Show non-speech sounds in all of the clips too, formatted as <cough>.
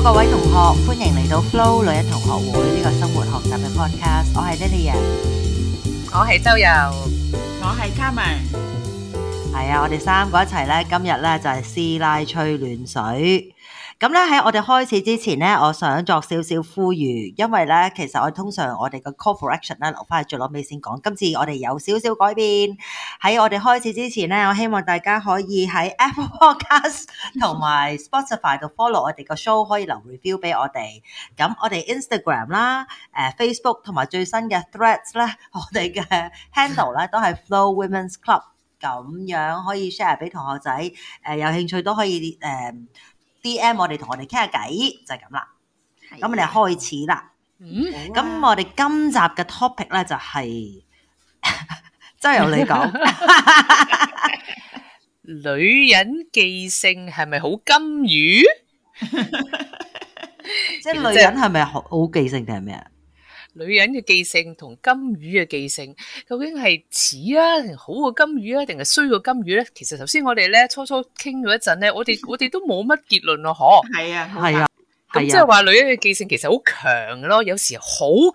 各位同學，歡迎嚟到 Flo 女人同學會呢個生活學習嘅 podcast。我係 Lilian 啊，我係周遊，我係 Carmen。係啊，我哋三個一齊咧，今日咧就係師奶吹暖水。咁咧喺我哋開始之前咧，我想作少少呼籲，因為咧其實我通常我哋嘅 call for action 咧留翻去最攞尾先講。今次我哋有少少改變喺我哋開始之前咧，我希望大家可以喺 Apple Podcast 同埋 <laughs> Spotify 度 follow 我哋個 show，可以留 review 俾我哋。咁我哋 Instagram 啦、誒、呃、Facebook 同埋最新嘅 Threads 啦，我哋嘅 handle 咧都係 Flo Women’s Club，咁樣可以 share 俾同學仔。誒、呃、有興趣都可以誒。呃 D.M，我哋同我哋傾下偈就咁、是、啦，咁的我哋開始啦。咁、嗯、我哋今集嘅 topic 咧就係， <laughs> 真係由你講。 <laughs> <laughs> 女人記性係咪好金魚？ <laughs> <laughs> 即係女人係咪好好記性定係咩啊？女人嘅記性同金魚嘅記性，究竟係似啊，定好過金魚啊，定係衰過金魚咧？其實頭先我哋咧初初傾咗一陣咧，我哋我哋都冇乜結論咯，嗬。係啊，係啊，咁即係話女人嘅記性其實好強咯，有時好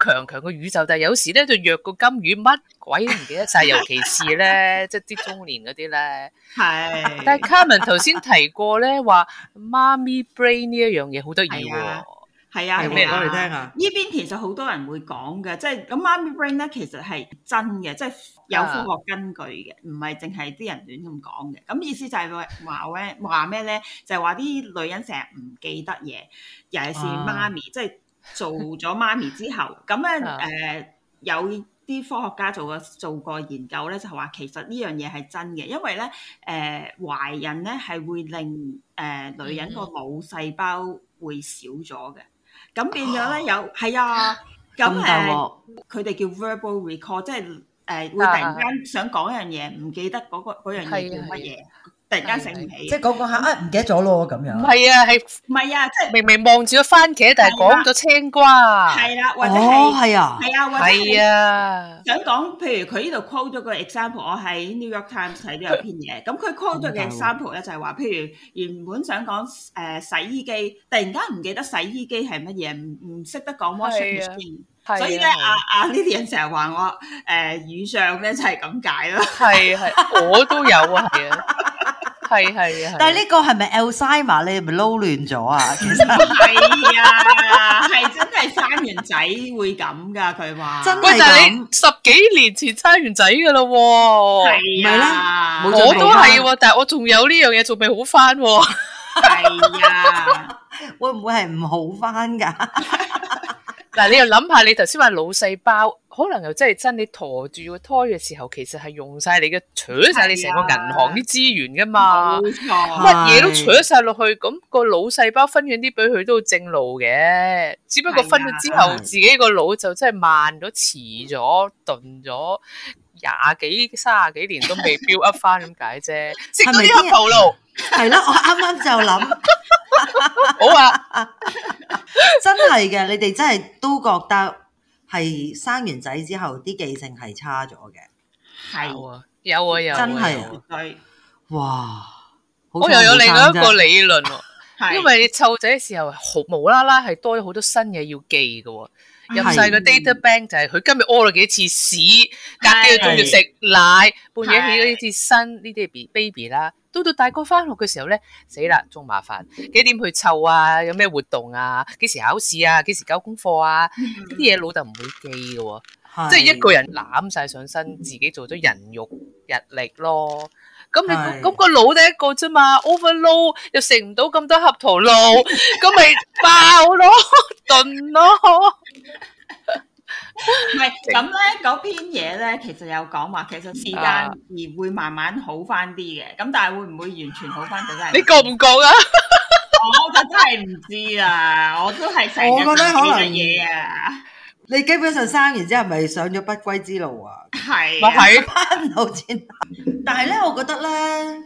強強過宇宙，但係有時咧就弱過金魚，乜鬼都唔記得晒。 <laughs> 尤其是咧即係啲中年嗰啲咧。係。 <laughs> 但係 Carmen 頭先提過咧，話 Mommy Brain 呢一樣嘢好得意喎。係啊，係咩講嚟聽啊？呢邊其實好多人會講嘅，即係咁媽咪 brain 咧，其實係真嘅，即係有科學根據嘅，唔係淨係啲人亂咁講嘅。咁意思就係話咧話咩咧？就係話啲女人成日唔記得嘢，尤其是媽咪，ah. 即係做咗媽咪之後，咁咧誒有啲科學家做過做過研究咧，就話其實呢樣嘢係真嘅，因為咧誒懷孕咧係會令誒、呃、女人個腦細胞會少咗嘅。Mm. 咁變咗咧，有係啊，咁誒、啊，佢哋叫 verbal recall，即係誒會突然間想講一樣嘢，唔的記得嗰個嗰樣嘢叫乜嘢？突然間醒唔起，即係講講下啊，唔記得咗咯咁樣。唔係啊，係唔係啊？即係明明望住個番茄，但係講咗青瓜。係啦，或者係哦，係啊，係啊，或者係啊。想講，譬如佢呢度 quote 咗個 example，我喺 New York Times 睇咗一篇嘢。咁佢 quote 咗嘅 example 咧就係話，譬如原本想講誒洗衣機，突然間唔記得洗衣機係乜嘢，唔唔識得講 washing machine。係啊。所以咧，阿阿呢啲人成日話我誒語障咧，就係咁解咯。係係，我都有啊，係啊。係係 <laughs> 啊！但係呢個係咪 Alzheimer 你係咪撈亂咗啊？其實係啊，係真係生完仔會咁噶，佢話真係。喂，但你十幾年前生完仔噶咯喎，係咪、啊、我都係、啊，但係我仲有呢樣嘢仲未好翻。係啊，啊 <laughs> <laughs> 會唔會係唔好翻噶？嗱， <laughs> <laughs> 你又諗下，你頭先話腦細胞。可能又真係真，你陀住個胎嘅時候，其實係用晒你嘅，取晒你成個銀行啲資源噶嘛，乜嘢冇錯都取晒落去，咁個腦細胞分完啲俾佢都正路嘅，只不過分咗之後，啊、自己個腦就真係慢咗、遲咗、鈍咗，廿幾、卅幾年都未 build up 翻，咁解啫，係咪啲套路？係咯，我啱啱就諗，好啊， <laughs> <laughs> 真係嘅，你哋真係都覺得。係生完仔之後，啲記性係差咗嘅。係喎、啊，有啊，有，啊有啊真係、啊。哇！我又有，有另外一個理論喎、啊， <laughs> 因為你湊仔嘅時候係無啦啦係多咗好多新嘢要記嘅喎、啊。入晒個 data bank 就係佢今日屙咗幾次屎，隔幾日仲要食奶，半夜起咗一次身，呢啲係 b baby 啦。到到大個翻學嘅時候咧，死啦仲麻煩，幾點去湊啊？有咩活動啊？幾時考試啊？幾時交功課啊？呢啲嘢老豆唔會記嘅喎，即係一個人攬晒上身，自己做咗人肉日曆咯。咁你咁個腦得一個啫嘛，overload 又食唔到咁多合桃露，咁咪爆咯，燉咯。唔係咁咧，嗰、 <laughs> 嗯、篇嘢咧，其實有講話，其實時間而會慢慢好翻啲嘅。咁但係會唔會完全好翻？會會好點解？你覺唔覺啊？ <laughs> 我就真係唔知啦，我都係、啊、我覺得可能嘢啊！你基本上生完之後，咪上咗不歸之路啊？係喺翻路錢。是 <laughs> <laughs> 但係咧，我覺得咧。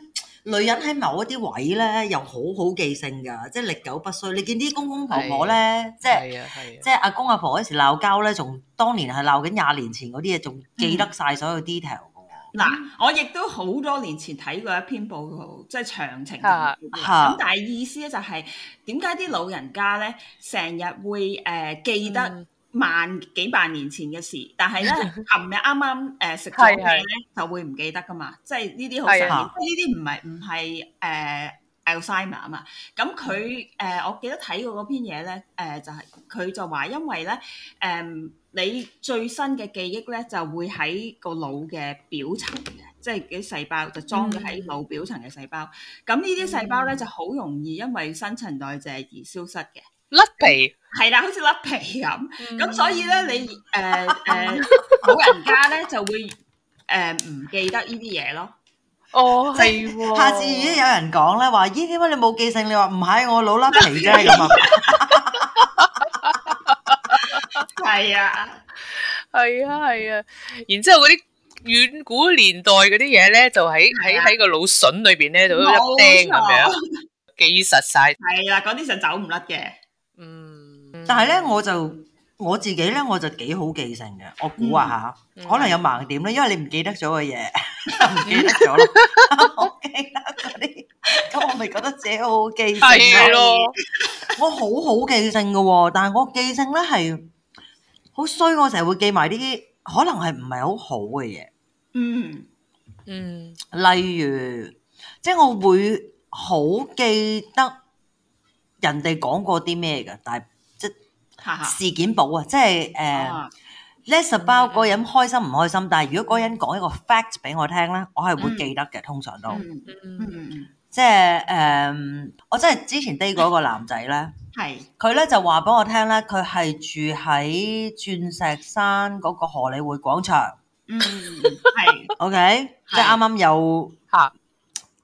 女人喺某一啲位咧，又好好記性㗎，即係歷久不衰。你見啲公公婆婆咧，的即係即係阿公阿婆嗰時鬧交咧，仲當年係鬧緊廿年前嗰啲嘢，仲記得晒所有 detail 㗎喎。嗱、嗯嗯，我亦都好多年前睇過一篇報告，即係長情嘅咁的、嗯、但係意思咧就係點解啲老人家咧成日會誒、呃、記得、嗯？萬幾萬年前嘅事，但係咧，琴日啱啱誒食咗嘢咧，呃、 <laughs> 就會唔記得噶嘛。即係呢啲好神奇，呢啲唔 <laughs> 係唔係誒、呃、Alzheimer 啊嘛。咁佢誒，我記得睇過嗰篇嘢咧，誒、呃、就係、是、佢就話，因為咧誒、呃、你最新嘅記憶咧，就會喺個腦嘅表層嘅，即係啲細胞就裝咗喺腦表層嘅細胞。咁、嗯、呢啲細胞咧就好容易因為新陳代謝而消失嘅。甩皮係啦，好似甩皮咁。咁所以咧，你誒誒老人家咧就會誒唔記得呢啲嘢咯。哦，係。下次如果有人講咧，話咦點解你冇記性？你話唔係我腦甩皮啫，咁啊！係啊，係啊，係啊。然之後嗰啲遠古年代嗰啲嘢咧，就喺喺喺個腦笋裏邊咧，就一釘咁樣記實晒。係啦，嗰啲就走唔甩嘅。但係咧，我就我自己咧，我就幾好記性嘅。我估下吓，可能有盲點咧，因為你唔記得咗嘅嘢，唔記得咗咯。我記得嗰啲，咁我咪覺得自己好好記性咯。我好好記性嘅，但係我記性咧係好衰，我成日會記埋呢啲可能係唔係好好嘅嘢。嗯嗯，例如即係我會好記得人哋講過啲咩嘅，但係。事件簿啊，即係誒，less about 嗰個人開心唔開心？但係如果嗰人講一個 fact 俾我聽咧，我係會記得嘅，通常都，即係誒，我真係之前 date 過一個男仔咧，係，佢咧就話俾我聽咧，佢係住喺鑽石山嗰個荷里活廣場，係，OK，即係啱啱有。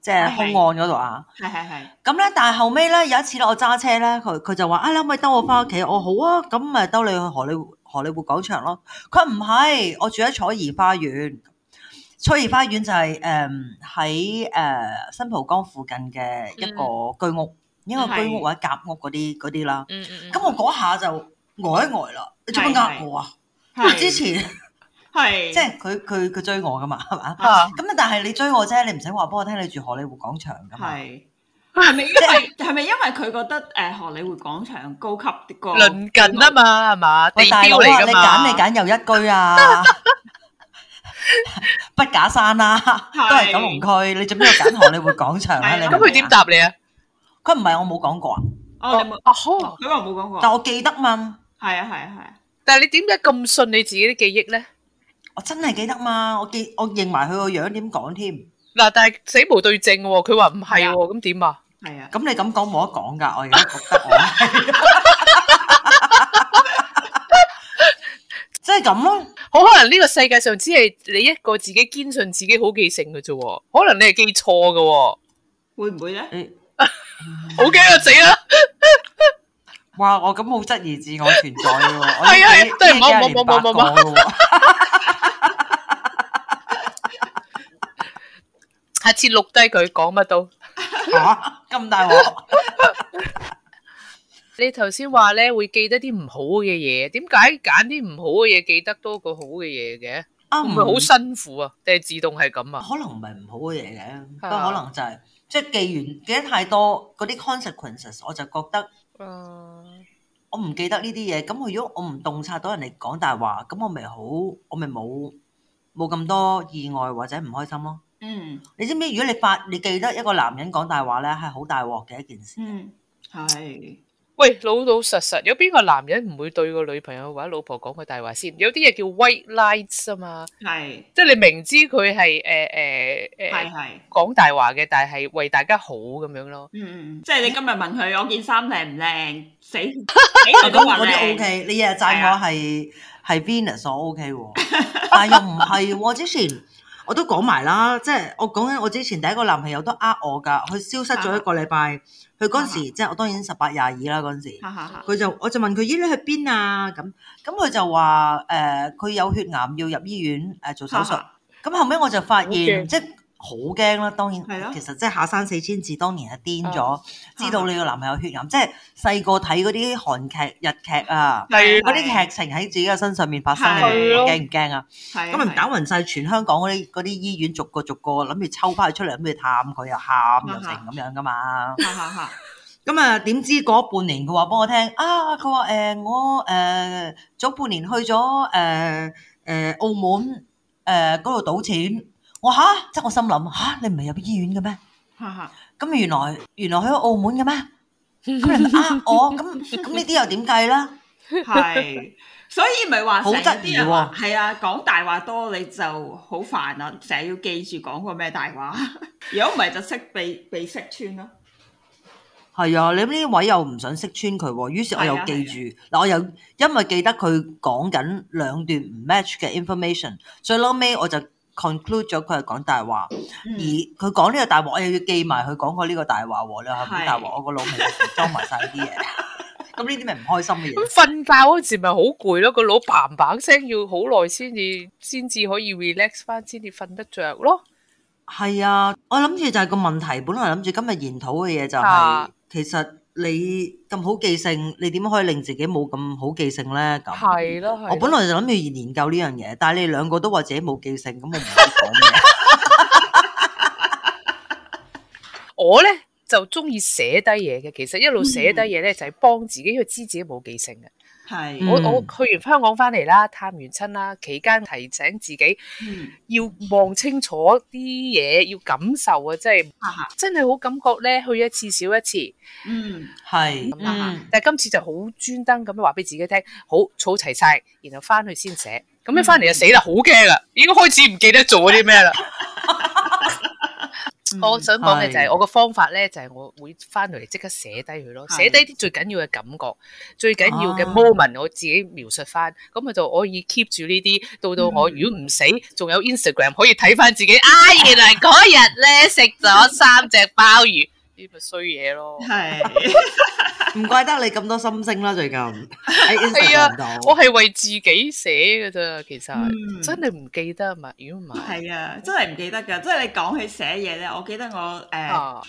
即係口岸嗰度啊！係係係咁咧，但係後尾咧有一次咧，我揸車咧，佢佢就話，啊，你可唔可以兜我返屋企？我好啊，咁咪兜你去荷里荷里活廣場咯。佢唔係，我住喺彩怡花園。彩怡花園就係誒喺誒新蒲崗附近嘅一個居屋，嗯、一個居屋是是，或者夾屋嗰啲嗰啲啦。嗯嗯。咁我嗰下就呆一呆啦，是是你做乜呃我啊？是是之前。是是是係，即係佢佢佢追我噶嘛，係嘛？咁啊，但係你追我啫，你唔使話俾我聽你住荷里活廣場噶嘛？係，係咪？即係係咪？因為佢覺得誒荷里活廣場高級啲，高鄰近啊嘛，係嘛？地標嚟噶嘛？你大佬，你揀你揀又一居啊？筆架山啦，都係九龍區。你做咩揀荷里活廣場咧？咁佢點答你啊？佢唔係我冇講過啊？哦，啊呵，佢話冇講過。但係我記得嘛。係啊係啊係啊。但係你點解咁信你自己啲記憶咧？我真係記得嘛，我記我認埋佢個樣點講添。嗱，但係死無對證喎，佢話唔係啊，咁點啊？係啊，咁你咁講冇得講噶，我而家覺得我係，即係咁咯。好可能呢個世界上只係你一個自己堅信自己好記性嘅啫，可能你係記錯嘅，會唔會咧？好驚啊！死啦！哇，我咁好質疑自我存在嘅，係啊，都係冇冇冇冇冇。下次錄低佢講乜都吓咁大鑊。你頭先話咧，會記得啲唔好嘅嘢，點解揀啲唔好嘅嘢記得多過好嘅嘢嘅？啊，唔係好辛苦啊，定係自動係咁啊？可能唔係唔好嘅嘢嘅，不過可能就係即係記完記得太多嗰啲 consequences，我就覺得我唔記得呢啲嘢。咁我如果我唔洞察到人哋講大話，咁我咪好我咪冇冇咁多意外或者唔開心咯？嗯，你知唔知如果你發，你記得一個男人講大話咧，係好大鑊嘅一件事。嗯，係。喂，老老實實，有邊個男人唔會對個女朋友或者老婆講句大話先？有啲嘢叫 white lies 啊嘛。係是，即係你明知佢係誒誒誒，係係講大話嘅，但係為大家好咁樣咯。嗯嗯，即係你今日問佢我件衫靚唔靚，死幾多個都話靚。o K、 <laughs> 哦。OK，你日日贊我係係 Venus，我 O、OK、K，、啊、但係又唔係之前。 <laughs> 我都講埋啦，即係我講緊我之前第一個男朋友都呃我㗎，佢消失咗一個禮拜，佢嗰 <laughs> 時 <laughs> 即係我當然十八廿二啦嗰陣時，佢 <laughs> 就我就問佢依家去邊啊？咁咁佢就話誒佢有血癌要入醫院誒、呃、做手術，咁 <laughs> 後尾我就發現 Okay. 即好驚啦！當然，的其實即係下山四千字，當年係癲咗。嗯、知道你個男朋友血癌，即係細個睇嗰啲韓劇、日劇啊，嗰啲的劇情喺自己嘅身上面發生，你驚唔驚啊？咁啊搞勻晒全香港嗰啲啲醫院，逐個逐個諗住抽翻佢出嚟，諗住探，佢又喊又成咁樣噶嘛。咁啊點知嗰半年佢話俾我聽啊，佢話誒我誒、呃、早半年去咗誒誒澳門誒嗰度賭錢。moment 晒 mum 我嚇，即我心諗嚇，你唔係入咗醫院嘅咩？咁原來原來喺澳門嘅咩？咁你呃我咁咁呢啲又點計咧？係，所以咪話好得啲人係啊，講大話多你就好煩啊，成日要記住講個咩大話，如果唔係就識被被識穿咯。係啊，你呢位又唔想識穿佢，於是我又記住嗱，我又因為記得佢講緊兩段唔 match 嘅 information，最撈尾我就，Conclude 咗佢係講大話，嗯、而佢講呢個大話，我又要記埋佢講過呢個大話喎，你係咪大話？我個腦平時裝埋晒啲嘢，咁呢啲咪唔開心嘅嘢。咁瞓覺嗰時咪好攰咯，個腦嘭嘭聲，要好耐先至先至可以 relax 翻，先至瞓得着咯。係啊，我諗住就係個問題，本來諗住今日研討嘅嘢就係其實。你咁好記性，你點可以令自己冇咁好記性咧？咁，係咯係我本來就諗住研究呢樣嘢，但係你兩個都話自己冇記性，咁、so、我唔好講嘢。我咧就中意寫低嘢嘅，其實一路寫低嘢咧就係幫自己，因為知自己冇記性嘅。係，嗯、我我去完香港翻嚟啦，探完親啦，期間提醒自己要望清楚啲嘢，要感受啊，真係真係好感覺咧，去一次少一次。嗯，係，啊嗯、但係今次就好專登咁樣話俾自己聽，好儲齊晒，然後翻去先寫。咁一翻嚟就死啦，好驚啦，已經開始唔記得做啲咩啦。 <laughs> 我想講嘅就係、是，嗯、我個方法咧，就係、是、我會翻嚟即刻寫低佢咯，寫低啲最緊要嘅感覺，最緊要嘅 moment，我自己描述翻，咁咪、啊、就可以 keep 住呢啲，到到我如果唔死，仲有 Instagram 可以睇翻自己，嗯、啊，原來嗰日咧食咗三隻鮑魚。 <laughs> 呢個衰嘢咯，係唔 <laughs> <laughs> 怪得你咁多心聲啦、啊，最近。係啊，我係為自己寫嘅啫，其實、嗯、真係唔記得啊嘛，如果唔係。係啊，真係唔記得噶，即係你講起寫嘢咧，我記得我誒、呃啊、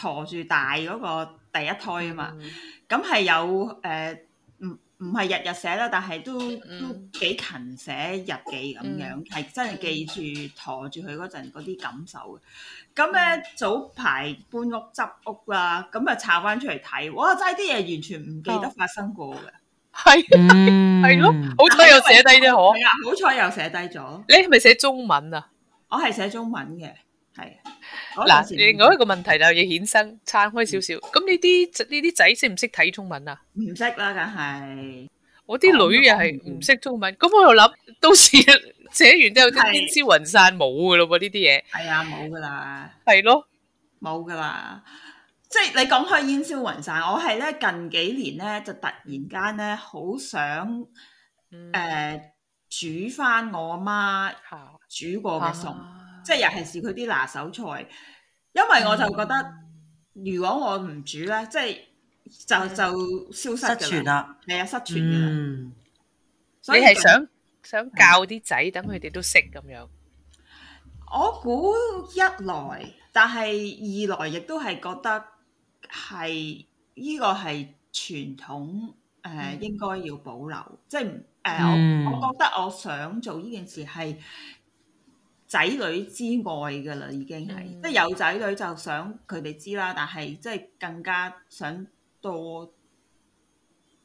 陀住大嗰個第一胎啊嘛，咁係、嗯、有誒。呃唔係日日寫啦，但係都、嗯、都幾勤寫日記咁樣，係、嗯、真係記住馱住佢嗰陣嗰啲感受嘅。咁咧、嗯、早排搬屋執屋啦，咁啊查翻出嚟睇，哇！真係啲嘢，完全唔記得發生過嘅，係係咯，好彩又寫低咗，為我係啊，好彩又寫低咗。你係咪寫中文啊？我係寫中文嘅，係。嗱，另外一個問題就要衍生，撐開少少。咁呢啲呢啲仔識唔識睇中文啊？唔識啦，梗係我啲女又係唔識中文。咁我又諗，到時一寫完之後，煙消雲散冇嘅咯噃呢啲嘢。係啊，冇噶啦。係咯，冇噶啦。即係你講開煙消雲散，我係咧近幾年咧就突然間咧好想誒煮翻我阿媽煮過嘅餸。即係尤其是佢啲拿手菜，因為我就覺得、嗯、如果我唔煮咧，即係就就，就消失咗啦，係啊，失傳噶啦。嗯、所以你係想但想教啲仔，等佢哋都識咁樣。我估一來，但係二來亦都係覺得係呢、呢個係傳統誒、呃，應該要保留，即係誒，我覺得我想做呢件事係仔女之外嘅啦，已經係、嗯、即係有仔女就想佢哋知啦，但係即係更加想多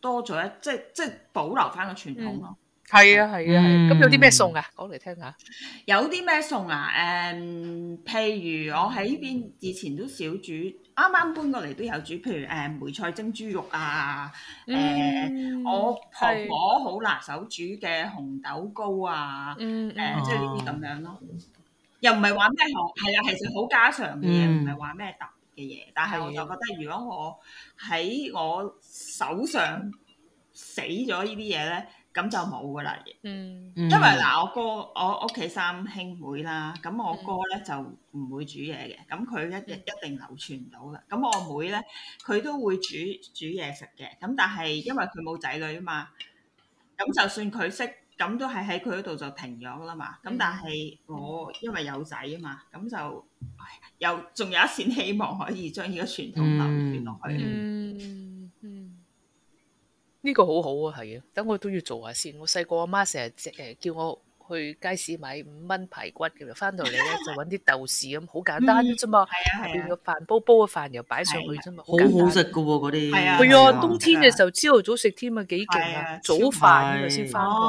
多咗一即係即係保留翻個傳統咯。係啊係啊係。咁有啲咩餸啊？講嚟、啊啊嗯啊、聽下。有啲咩餸啊？誒、um，譬如我喺呢邊以前都少煮。啱啱搬過嚟都有煮，譬如誒梅菜蒸豬肉啊，誒、嗯呃、我婆婆好拿手煮嘅紅豆糕啊，誒即係呢啲咁樣咯，又唔係話咩學，係啊，其實好家常嘅嘢，唔係話咩特別嘅嘢，但係我就覺得如果我喺我手上死咗呢啲嘢咧。咁就冇噶啦，嗯、因為嗱，我哥我屋企三兄妹啦，咁我哥咧就唔會煮嘢嘅，咁佢一一定流傳唔到啦。咁我妹咧，佢都會煮煮嘢食嘅，咁但係因為佢冇仔女啊嘛，咁就算佢識，咁都係喺佢嗰度就停咗啦嘛。咁但係我因為有仔啊嘛，咁就又仲有一線希望可以將呢個傳統流傳落去。嗯嗯呢個好好啊，係啊，等我都要做下先。我細個阿媽成日即係叫我去街市買五蚊排骨嘅，翻到嚟咧就揾啲豆豉咁，好簡單啫嘛。係啊，係個飯煲煲嘅飯又擺上去啫嘛，好好食嘅喎嗰啲。係啊，冬天嘅時候朝頭早食添啊，幾勁啊！早飯咁啊先翻工。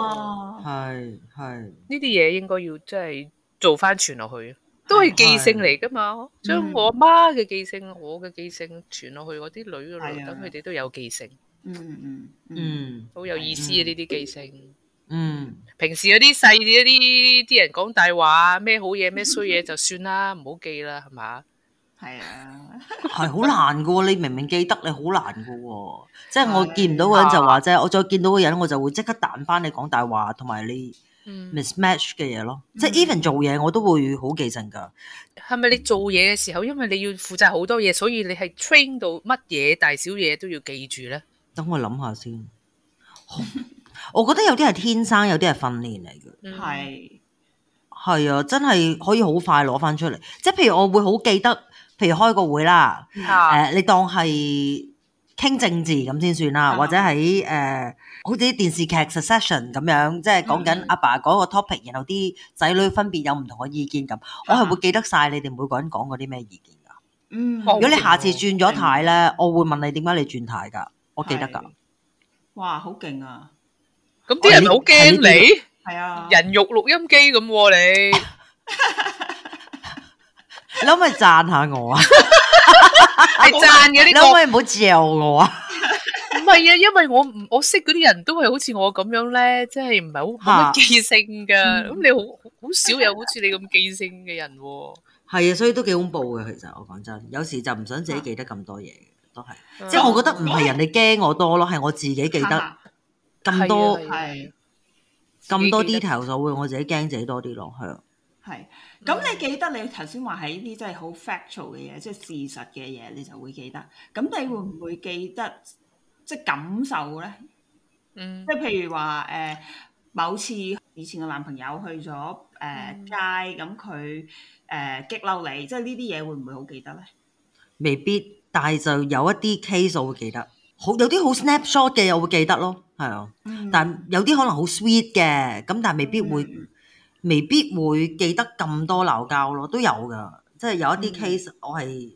係係，呢啲嘢應該要即係做翻傳落去，都係記性嚟噶嘛。將我阿媽嘅記性、我嘅記性傳落去我啲女嗰度，等佢哋都有記性。嗯嗯嗯，好有意思啊！呢啲記性，嗯，平時嗰啲細啲一啲人講大話，咩好嘢咩衰嘢就算啦，唔好記啦，係嘛？係是啊，係 <laughs> 好難噶。你明明記得，你好難噶，即係我見唔到個人就話啫。啊、我再見到個人，我就會即刻彈翻你講大話同埋你 Mismatch 嘅嘢咯。即係 even 做嘢，我都會好記性噶。係咪你做嘢嘅時候，因為你要負責好多嘢，所以你係 train 到乜嘢大小嘢都要記住咧？等我諗下先。我覺得有啲係天生，有啲係訓練嚟嘅。係係是啊，真係可以好快攞翻出嚟。即係譬如我會好記得，譬如開個會啦，誒是、呃，你當係傾政治咁先算啦，是或者喺誒、呃，好似啲電視劇 Succession 咁樣，即係講緊阿爸講個 topic，然後啲仔女分別有唔同嘅意見咁，我係會記得晒你哋每個人講嗰啲咩意見噶、啊。嗯，如果你下次轉咗態咧，是我會問你點解你轉態噶我記得噶，哇，好勁啊！咁啲、嗯、人好驚你，係、哎這個、啊，人肉錄音機咁喎你， <laughs> 你可唔可以讚下我啊？ <laughs> <laughs> 你讚嘅，你可唔可以唔好嚼我啊？唔 <laughs> 係啊，因為我唔我識嗰啲人都係好似我咁樣咧，即係唔係好冇記性噶。咁、啊嗯、 <laughs> 你好好少有好似你咁記性嘅人喎、啊。係啊、嗯嗯， <laughs> <laughs> 所以都幾恐怖嘅。其實我講真，有時就唔想自己記得咁多嘢都係，即係我覺得唔係人哋驚我多咯，係我自己記得咁多，咁多啲 detail，就會我自己驚自己多啲落去。係，咁你記得你頭先話係呢啲真係好 factual 嘅嘢，即係事實嘅嘢，你就會記得。咁你會唔會記得即係感受咧？嗯，即係譬如話誒，某次以前嘅男朋友去咗誒街，咁佢誒激嬲你，即係呢啲嘢會唔會好記得咧？未必。但係就有一啲 case 我會記得，好有啲好 snapshot 嘅我會記得咯，係啊，mm hmm. 但有啲可能好 sweet 嘅，咁但係未必會，mm hmm. 未必會記得咁多鬧交咯，都有㗎。即係有一啲 case 我係係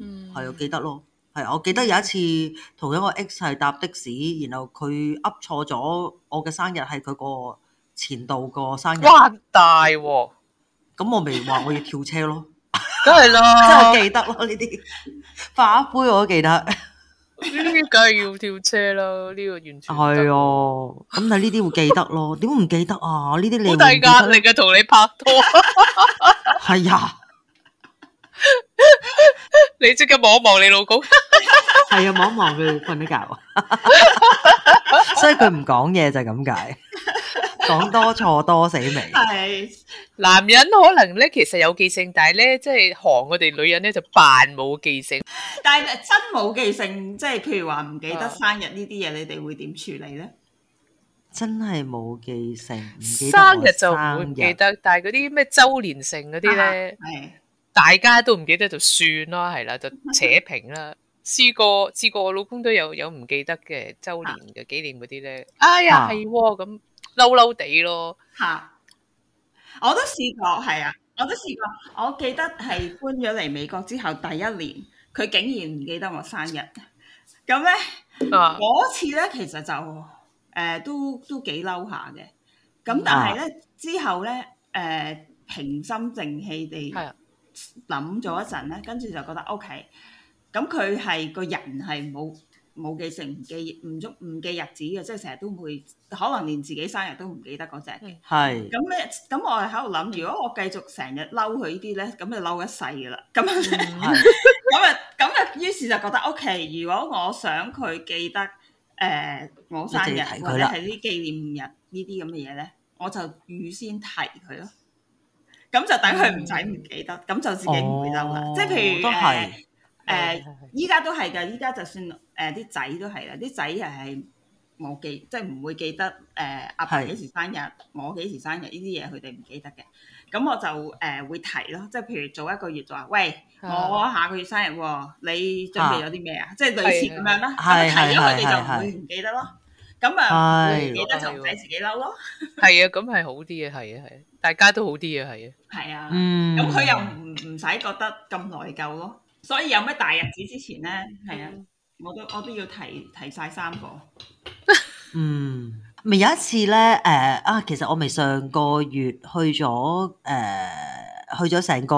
，mm hmm. 記得咯。係，我記得有一次同一個 X 係搭的士，然後佢噏錯咗我嘅生日係佢個前度個生日。哇，大鑊喎！咁我咪話我要跳車咯。梗係咯，真係記得咯呢啲，花杯我都記得。呢啲梗係要跳車啦，呢個完全係啊。咁但係呢啲會記得咯，點解唔記得啊？呢啲你好大壓力嘅，同你拍拖，係呀。你即刻望一望你老公，係啊，望一望佢瞓得覺，所以佢唔講嘢就係咁解。講多錯多死命係男人可能咧，其實有記性，但係咧，即係學我哋女人咧就扮冇記性。但係真冇記性，即係譬如話唔記得生日呢啲嘢，你哋會點處理咧？真係冇記性，生日就唔記得，但係嗰啲咩周年性嗰啲咧，係大家都唔記得就算囉，係啦，就扯平啦。試過試過，我老公都有有唔記得嘅周年嘅紀念嗰啲咧，哎呀係咁。嬲嬲地咯，嚇！我都試過，係啊，我都試過。我記得係搬咗嚟美國之後第一年，佢竟然唔記得我生日。咁咧，嗰、啊、次咧其實就誒、呃、都都幾嬲下嘅。咁但係咧、啊、之後咧誒、呃、平心靜氣地諗咗一陣咧，的跟住就覺得、嗯、OK。咁佢係個人係冇。冇記性，唔記唔足，唔記日子嘅，即係成日都會可能連自己生日都唔記得嗰隻嘅。咁咧是，咁我係喺度諗，如果我繼續成日嬲佢呢啲咧，咁就嬲一世噶啦。咁啊，咁啊是，咁啊， <laughs> 於是就覺得 O K。OK，如果我想佢記得誒、呃、我生日，或者係啲紀念日呢啲咁嘅嘢咧，我就預先提佢咯。咁就等佢唔使唔記得，咁、嗯、就自己唔會嬲啦。哦、即係譬如誒誒，依、呃、家、呃、 <laughs> 都係嘅，依家就算。誒啲仔都係啦，啲仔又係冇記，即係唔會記得誒阿爸幾時生日，我幾時生日呢啲嘢佢哋唔記得嘅。咁我就誒會提咯，即係譬如做一個月就話：喂，我下個月生日喎，你準備咗啲咩啊？即係類似咁樣啦。提咗佢哋就唔會唔記得咯。咁啊，唔記得就唔使自己嬲咯。係啊，咁係好啲嘅，係啊，係，大家都好啲嘅，係啊，係啊。嗯，咁佢又唔唔使覺得咁內疚咯。所以有咩大日子之前咧，係啊。我都我都要提提晒三個。 <laughs> 嗯，咪有一次咧，誒、呃、啊，其實我咪上個月去咗誒、呃，去咗成個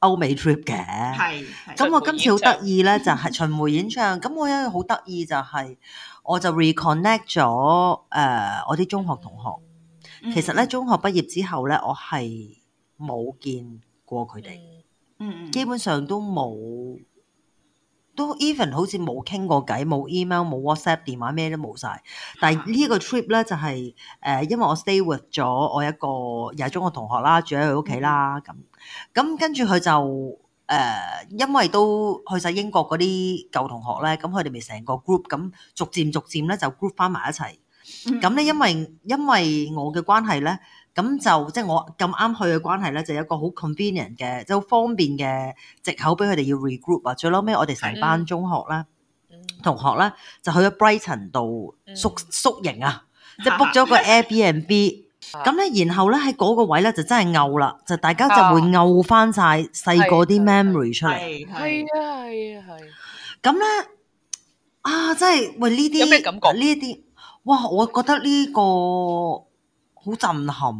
歐美 trip 嘅。係。咁我今次好得意咧，就係巡回演唱。咁我咧好得意就係、是 <laughs> 就是，我就 reconnect 咗誒、呃，我啲中學同學。其實咧，中學畢業之後咧，我係冇見過佢哋、嗯。嗯。嗯基本上都冇。都 even 好似冇傾過偈，冇 email，冇 WhatsApp，電話咩都冇晒。但係呢個 trip 咧就係、是、誒、呃，因為我 stay with 咗我一個又係中學同學啦，住喺佢屋企啦咁。咁跟住佢就誒、呃，因為都去晒英國嗰啲舊同學咧，咁佢哋咪成個 group，咁逐漸逐漸咧就 group 翻埋一齊。咁咧因為因為我嘅關係咧。咁就即係我咁啱去嘅關係咧，就有一個好 convenient 嘅，即係好方便嘅藉口俾佢哋要 regroup 啊！最嬲尾我哋成班中學啦、嗯、同學啦，就去咗 Brighton 度宿宿營啊！嗯、即係 book 咗個 Airbnb，咁咧、啊，啊、然後咧喺嗰個位咧就真係漚啦，就大家就會漚翻晒細個啲 memory 出嚟。係啊係啊係！咁咧啊，真係喂呢啲有咩感覺？呢一啲哇，我覺得呢、這個～ <laughs> 好震撼！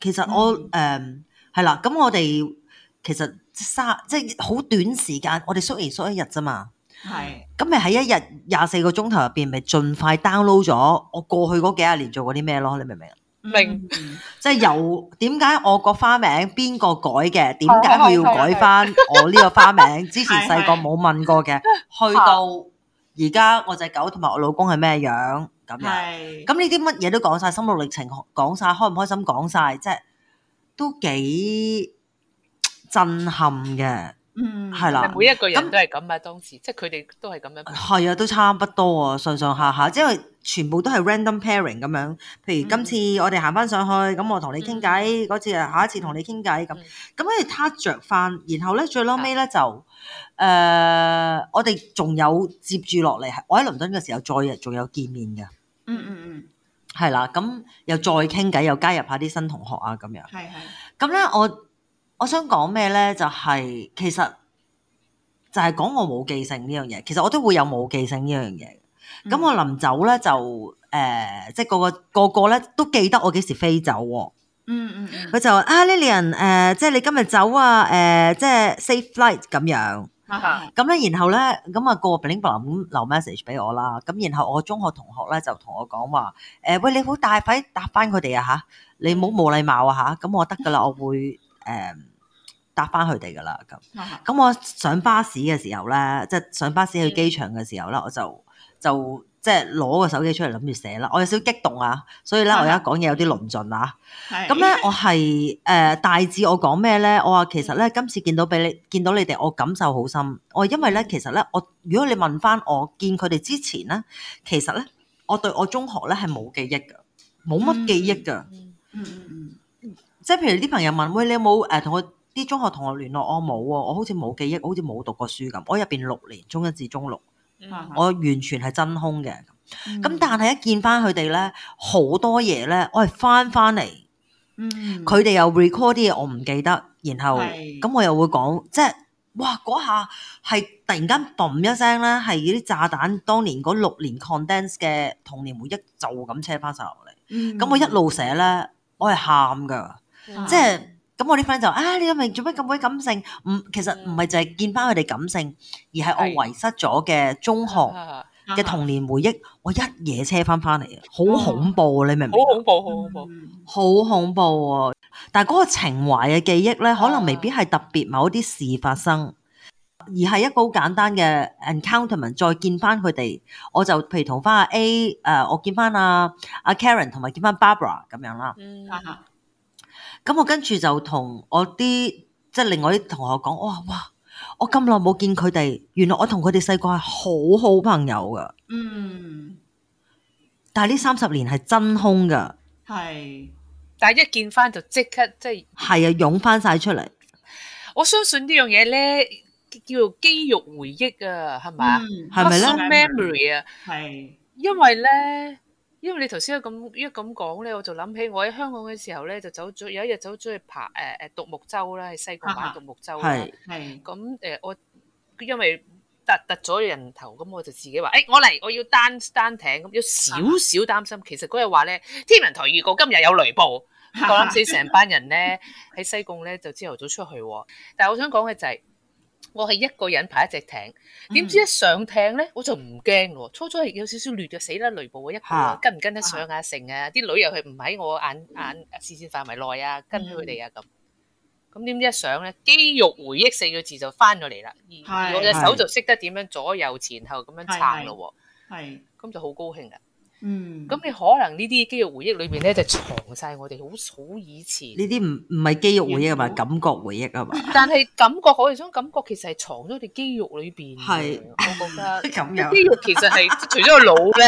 其實我誒係啦，咁、嗯嗯、我哋其實三即係好短時間，我哋縮而縮是一日啫嘛。係。咁咪喺一日廿四個鐘頭入邊，咪盡快 download 咗我過去嗰幾廿年做過啲咩咯？你明唔明啊？明、嗯。即係、嗯就是、由點解我個花名邊個改嘅？點解佢要改返我呢個花名？ <laughs> 之前細個冇問過嘅， <laughs> 去到而家我隻狗同埋我老公係咩樣？咁樣咁呢啲乜嘢都講曬，心路歷程講曬，開唔開心講曬，即係都幾震撼嘅。嗯，係啦，每一個人都係咁啊。當時即係佢哋都係咁樣，係啊，都差不多啊，上上下下即係全部都係 random pairing 咁樣。譬如今次我哋行翻上去，咁我同你傾偈嗰次啊，下一次同你傾偈咁，咁跟住 touch 著翻，然後咧最撈尾咧就誒，我哋仲有接住落嚟，我喺倫敦嘅時候再日仲有見面嘅。嗯嗯嗯，係啦、mm，咁、hmm。又再傾偈，又加入下啲新同學啊，咁樣。係係、mm。咁、hmm。咧，我我想講咩咧？就係、是、其實就係講我冇記性呢樣嘢。其實我都會有冇記性呢樣嘢。咁我臨走咧就誒、呃，即係個個個個咧都記得我幾時飛走、啊。嗯嗯嗯。佢、hmm。就話啊 Lilian，誒，即係你今日走啊，誒、呃，即係 safe flight 咁樣。咁咧， <music> 然後咧，咁啊過 link blog 留 message 俾我啦。咁然後我中學同學咧就同我講話，誒喂，你好，大快答翻佢哋啊嚇！你冇冇禮貌啊嚇！咁我得噶啦，嗯、 <music> <music> 我會誒、呃、答翻佢哋噶啦咁。咁 <music> 我上巴士嘅時候咧，即係上巴士去機場嘅時候啦，我就就。即係攞個手機出嚟諗住寫啦，我有少少激動啊，所以咧我而家講嘢有啲論盡啊。咁咧的我係誒、呃、大致我講咩咧？我話其實咧今次見到俾你見到你哋，我感受好深。我因為咧其實咧我如果你問翻我見佢哋之前咧，其實咧我對我中學咧係冇記憶嘅，冇乜記憶嘅，嗯嗯嗯、即係譬如啲朋友問，喂，你有冇誒同我啲中學同學聯絡？我冇啊，我好似冇記憶，好似冇讀過書咁，我入邊六年，中一至中六。嗯、我完全係真空嘅，咁、嗯、但係一見翻佢哋咧，好多嘢咧，我係翻翻嚟，佢哋、嗯、又 record 啲嘢我唔記得，然後咁是、嗯、我又會講，即係哇嗰下係突然間嘣一聲咧，係啲炸彈，當年嗰六年 condense 嘅童年回憶就咁車翻晒落嚟，咁、嗯嗯、我一路寫咧，我係喊噶，嗯嗯、即係。咁我啲 friend 就啊，你咁明做咩咁鬼感性？唔，其實唔係就係見翻佢哋感性，而係我遺失咗嘅中學嘅童年回憶，我一夜車翻翻嚟啊，好恐怖，你明唔明？好恐怖，好恐怖，嗯、好恐怖、啊！但係嗰個情懷嘅記憶咧，可能未必係特別某啲事發生，而係一個好簡單嘅 encounterment。再見翻佢哋，我就譬如同翻阿 A 誒，我見翻阿阿 Karen 同埋見翻 Barbara 咁樣啦。嗯。咁我跟住就同我啲即係另外啲同學講，我話哇，我咁耐冇見佢哋，原來我同佢哋細個係好好朋友噶。嗯，但係呢三十年係真空噶，係是，但係一見翻就即刻即係係啊，湧翻晒出嚟。我相信呢樣嘢咧，叫做肌肉回憶啊，係咪啊，係咪咧？Memory 啊是，係，因為咧。因為你頭先咁依家咁講咧，我就諗起我喺香港嘅時候咧，就走咗有一日走咗去爬誒誒獨木舟啦，喺西貢玩獨木舟。係係咁誒，我因為突突咗人頭，咁我就自己話：誒、欸，我嚟，我要單單艇，咁有少少擔心。啊、其實嗰日話咧，天文台預告今日有雷暴，我諗死成班人咧喺、啊、西貢咧就朝頭早出去。但係我想講嘅就係、是。我係一個人扒一隻艇，點知一上艇咧，我就唔驚喎。初初係有少少劣，就死啦，雷暴啊，一個跟唔跟得上啊，剩啊，啲女入去唔喺我眼眼視線範圍內啊，跟佢哋啊咁。咁點知一上咧，肌肉回憶四個字就翻咗嚟啦，而我隻手就識得點樣左右前後咁樣撐咯喎。係，咁、嗯、就好高興啊！嗯，咁你可能呢啲肌肉回憶裏邊咧就藏晒我哋好早以前呢啲唔唔係肌肉回憶啊嘛，感覺回憶啊嘛， <laughs> 但係感覺我哋種感覺其實係藏咗喺肌肉裏邊，係是，我覺得這樣 肌肉其實係 <laughs> 除咗個腦咧，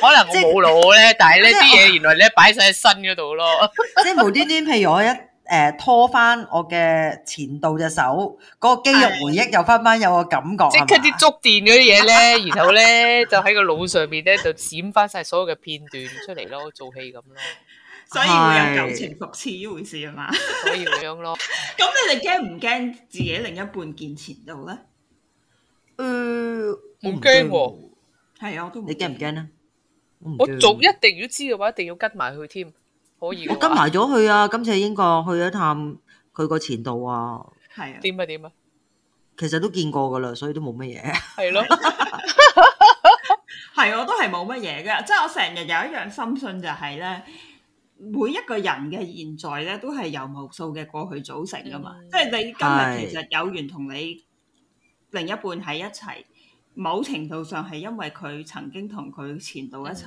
可能我冇腦咧，就是、但係呢啲嘢我原來咧擺晒喺身嗰度咯，即 <laughs> 係無端端譬如我一。誒，拖翻我嘅前度隻手，嗰個肌肉回憶又翻翻有個感覺，即刻啲觸電嗰啲嘢咧，然後咧就喺個腦上面咧就閃翻晒所有嘅片段出嚟咯，做戲咁咯，所以會有舊情復熾呢回事啊嘛，所以咁樣咯。咁你哋驚唔驚自己另一半見前度咧？誒，冇驚喎，係啊，我都唔驚。你驚唔驚咧？我早一定要知嘅話，一定要跟埋佢添。可以，我跟埋咗去啊！今次喺英國去咗探佢個前度啊。係啊，點啊點啊？其實都見過噶啦，所以都冇乜嘢。係咯，係我都係冇乜嘢嘅。即係我成日有一樣深信就係咧，每一個人嘅現在咧都係由無數嘅過去組成噶嘛。即係你今日其實有緣同你另一半喺一齊，某程度上係因為佢曾經同佢前度一齊。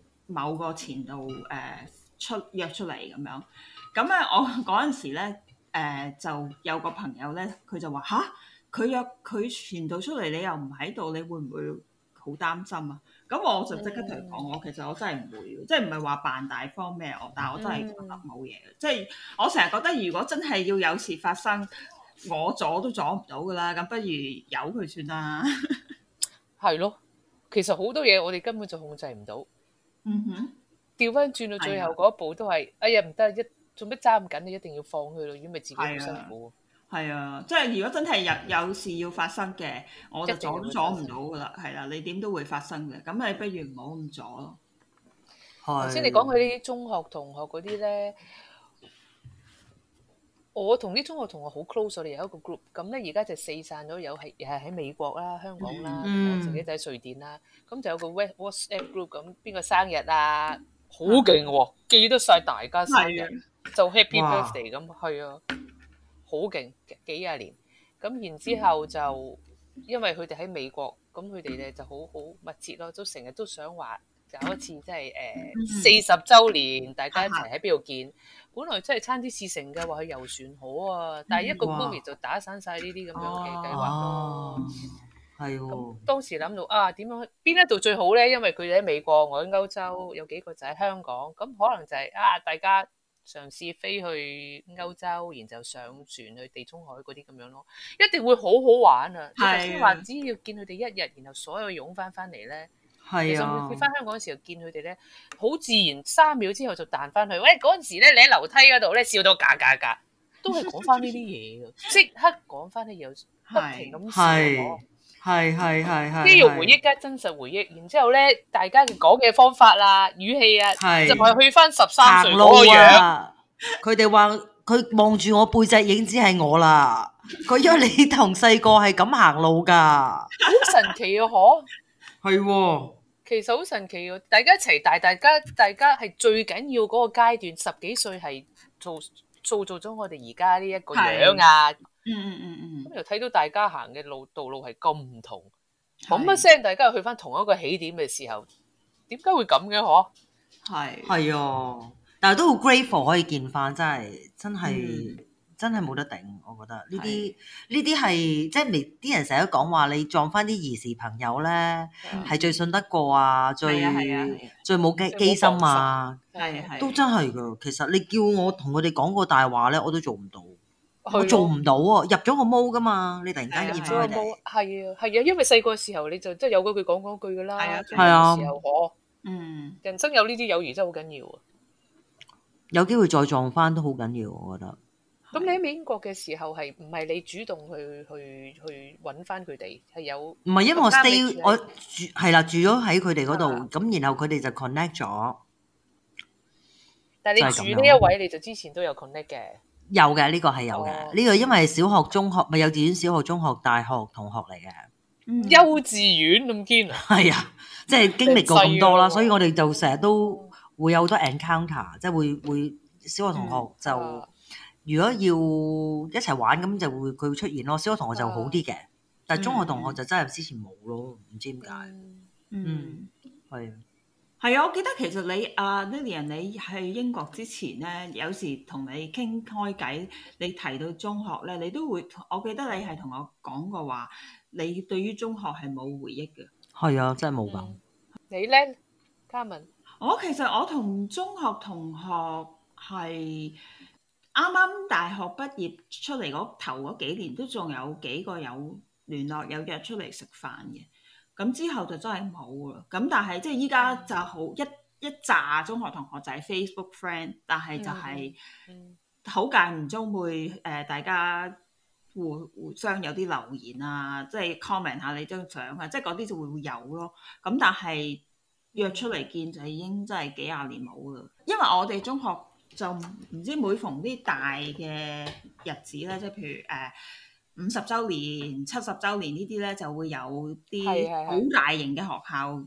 某個前度誒、呃、出約出嚟咁樣咁咧，我嗰陣時咧誒、呃、就有個朋友咧，佢就話吓，佢約佢前度出嚟，你又唔喺度，你會唔會好擔心啊？咁我就即刻同佢講，嗯、我其實我真係唔會，即係唔係話扮大方咩？我但係我真係覺得冇嘢，即係我成日覺得，如果真係要有事發生，我阻都阻唔到噶啦。咁不如由佢算啦，係 <laughs> 咯。其實好多嘢我哋根本就控制唔到。嗯哼，調翻轉到最後嗰一步都係，的哎呀唔得，一做咩揸唔緊你一定要放佢咯，如果咪自己好辛苦係啊，即係如果真係有有事要發生嘅，我就阻阻唔到噶啦，係啦的，你點都會發生嘅，咁係不如唔好咁阻咯。頭先的你講佢啲中學同學嗰啲咧。 <laughs> 我同啲中學同學好 close，我哋有一個 group。咁咧而家就四散咗，有喺又係喺美國啦、香港啦，mm hmm。我自己就喺瑞典啦。咁就有個 WhatsApp group，咁邊個生日啊？好勁喎，記得晒大家生日，的就 Happy Birthday，咁係啊，好勁，幾廿年。咁然之後就因為佢哋喺美國，咁佢哋咧就好好密切咯，都成日都想話。有一次即係誒四十週年，大家一齊喺邊度見？啊、本來真係差啲事成嘅話去遊船河啊，但係一個 movie 就打散晒呢啲咁樣嘅計劃咯、啊。係喎、啊，當時諗到啊，點樣去邊一度最好咧？因為佢哋喺美國，我喺歐洲，有幾個就喺香港，咁可能就係、是、啊，大家嘗試飛去歐洲，然後上船去地中海嗰啲咁樣咯，一定會好好玩啊！頭先話只要見佢哋一日，然後所有湧翻翻嚟咧。係啊！去翻香港嘅時候見佢哋咧，好自然，三秒之後就彈翻去。喂，嗰陣時咧，你喺樓梯嗰度咧，笑到假假假，都係講翻呢啲嘢，即刻講翻啲嘢，不停咁笑。係係係係，呢個回憶加真實回憶，然之後咧，大家嘅講嘅方法啦、語氣啊，就係去翻十三歲嗰個樣。佢哋話佢望住我背脊影子係我啦。佢話你同細個係咁行路噶，好神奇啊！嗬，係。其實好神奇喎！大家一齊大，大家大家係最緊要嗰個階段，十幾歲係造塑造咗我哋而家呢一個樣啊！嗯嗯嗯嗯，咁又睇到大家行嘅路道路係咁唔同，冇乜聲，大家又去翻同一個起點嘅時候，點解會咁嘅？嗬是，係係啊，但係都好 grateful 可以見翻，真係真係。嗯真係冇得頂，我覺得呢啲呢啲係即係未啲人成日都講話，你撞翻啲兒時朋友咧係最信得過啊，最最冇機機心啊，係係都真係㗎。其實你叫我同佢哋講個大話咧，我都做唔到，我做唔到啊。入咗個毛㗎嘛，你突然間入咗個毛係啊，係啊，因為細個時候你就即係有句講嗰句㗎啦。係啊，係啊，嗯，人生有呢啲友誼真係好緊要啊，有機會再撞翻都好緊要，我覺得。咁你喺英國嘅時候係唔係你主動去去去揾翻佢哋係有？唔係因為我 stay 我住係啦，住咗喺佢哋嗰度，咁然後佢哋就 connect 咗。但係你住呢一位，你就之前都有 connect 嘅。有嘅，呢個係有嘅。呢個因為小學、中學咪幼稚園、小學、中學、大學同學嚟嘅。幼稚園咁堅啊！係啊，即係經歷過咁多啦，所以我哋就成日都會有好多 encounter，即係會會小學同學就。如果要一齊玩，咁就會佢會出現咯，小學同學就好啲嘅，啊、但係中學同學就真係之前冇咯，唔知點解。嗯，係。係啊、嗯嗯，我記得其實你阿、uh, Lilian 你去英國之前咧，有時同你傾開偈，你提到中學咧，你都會，我記得你係同我講過話，你對於中學係冇回憶嘅。係啊，真係冇㗎。嗯、你咧 Carmen？我其實我同中學同學係。啱啱大學畢業出嚟嗰頭嗰幾年都仲有幾個有聯絡有約出嚟食飯嘅，咁之後就真係冇啦。咁但係即係依家就好、嗯、一一紮中學同學仔 Facebook friend，但係就係好間唔中會誒、呃、大家互互，互相有啲留言啊，即係 comment 下你張相啊，即係嗰啲就會會有咯。咁但係約出嚟見就已經真係幾廿年冇啦，因為我哋中學。就唔知每逢啲大嘅日子咧，即係譬如誒五十周年、七十周年呢啲咧，就會有啲好大型嘅學校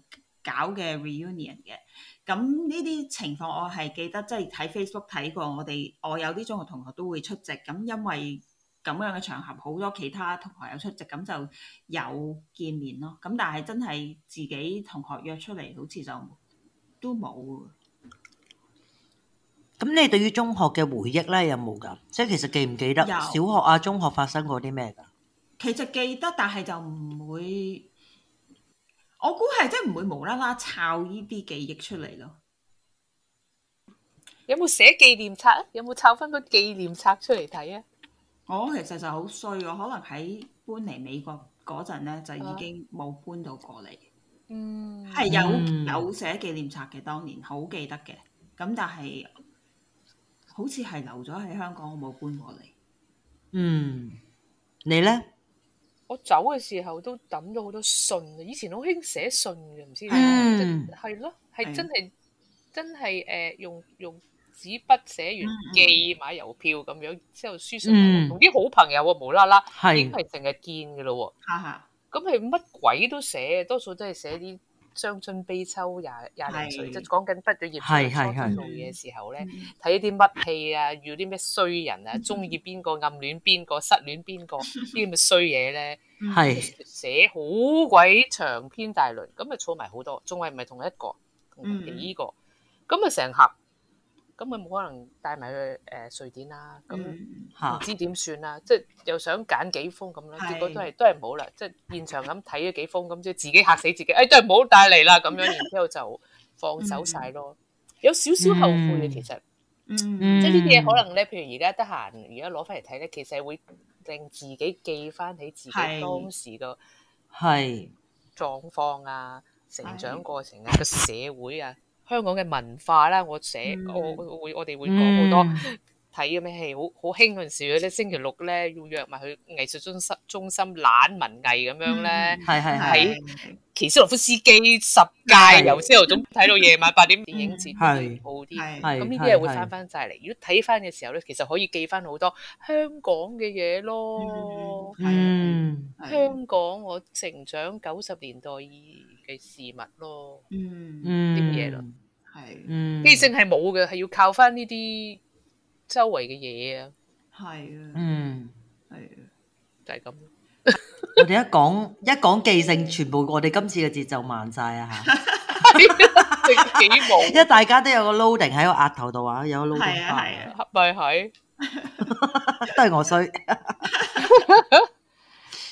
搞嘅 reunion 嘅。咁呢啲情況我係記得，即係睇 Facebook 睇過，我哋我有啲中學同學都會出席。咁因為咁樣嘅場合，好多其他同學有出席，咁就有見面咯。咁但係真係自己同學約出嚟，好似就都冇。咁你對於中學嘅回憶咧有冇噶？即係其實記唔記得小學啊、中學發生過啲咩噶？其實記得，但係就唔會，我估係真唔會無啦啦抄呢啲記憶出嚟咯。有冇寫紀念冊？有冇抄翻個紀念冊出嚟睇啊？我其實就好衰，我可能喺搬嚟美國嗰陣咧，就已經冇搬到過嚟。嗯，係有有寫紀念冊嘅，當年好記得嘅。咁但係。好似係留咗喺香港，我冇搬過嚟。嗯，你咧？我走嘅時候都抌咗好多信，以前好興寫信嘅，唔知點解，係咯、嗯，係真係真係誒，用、呃、用紙筆寫完寄買郵票咁樣，之後書信同啲、嗯、好朋友喎無啦啦，是已經係淨係見嘅咯喎。嚇，咁係乜鬼都寫，多數都係寫啲。傷春悲秋廿廿零歲，即係講緊畢咗業出嚟做嘢嘅時候咧，睇啲乜戲啊，遇啲咩衰人啊，中意邊個暗戀邊個，失戀邊個啲咁嘅衰嘢咧，係、嗯、是寫好鬼長篇大論，咁咪儲埋好多，仲係唔係同一個，同幾個，咁咪成盒。咁佢冇可能帶埋去誒瑞典啦，咁唔知點算啦，即係又想揀幾封咁樣，結果都係都係冇啦，即係現場咁睇咗幾封咁，即係自己嚇死自己，誒都係冇帶嚟啦咁樣，然之後就放走曬咯，有少少後悔嘅其實，即係呢啲嘢可能咧，譬如而家得閒，而家攞翻嚟睇咧，其實會令自己記翻起自己當時個係狀況啊、成長過程啊、個社會啊。香港嘅文化啦，我寫我會我哋會講好多睇咩嘅戲，好好興嗰陣時咧，星期六咧要約埋去藝術中心中心懶文藝咁樣咧，係係喺奇斯洛夫斯基十誡由朝頭早睇到夜晚八點，電影節係好啲，係咁呢啲嘢會生翻曬嚟。如果睇翻嘅時候咧，其實可以記翻好多香港嘅嘢咯。嗯，香港我成長九十年代以……嘅事物咯，嗯，啲嘢咯，係，嗯，記性係冇嘅，係要靠翻呢啲周圍嘅嘢啊，係啊，嗯，係啊，就係咁。我哋一講一講記性，全部我哋今次嘅節奏慢晒啊！吓，幾冇，因為大家都有個 loading 喺個額頭度啊，有個 loading 快，咪係都係我衰。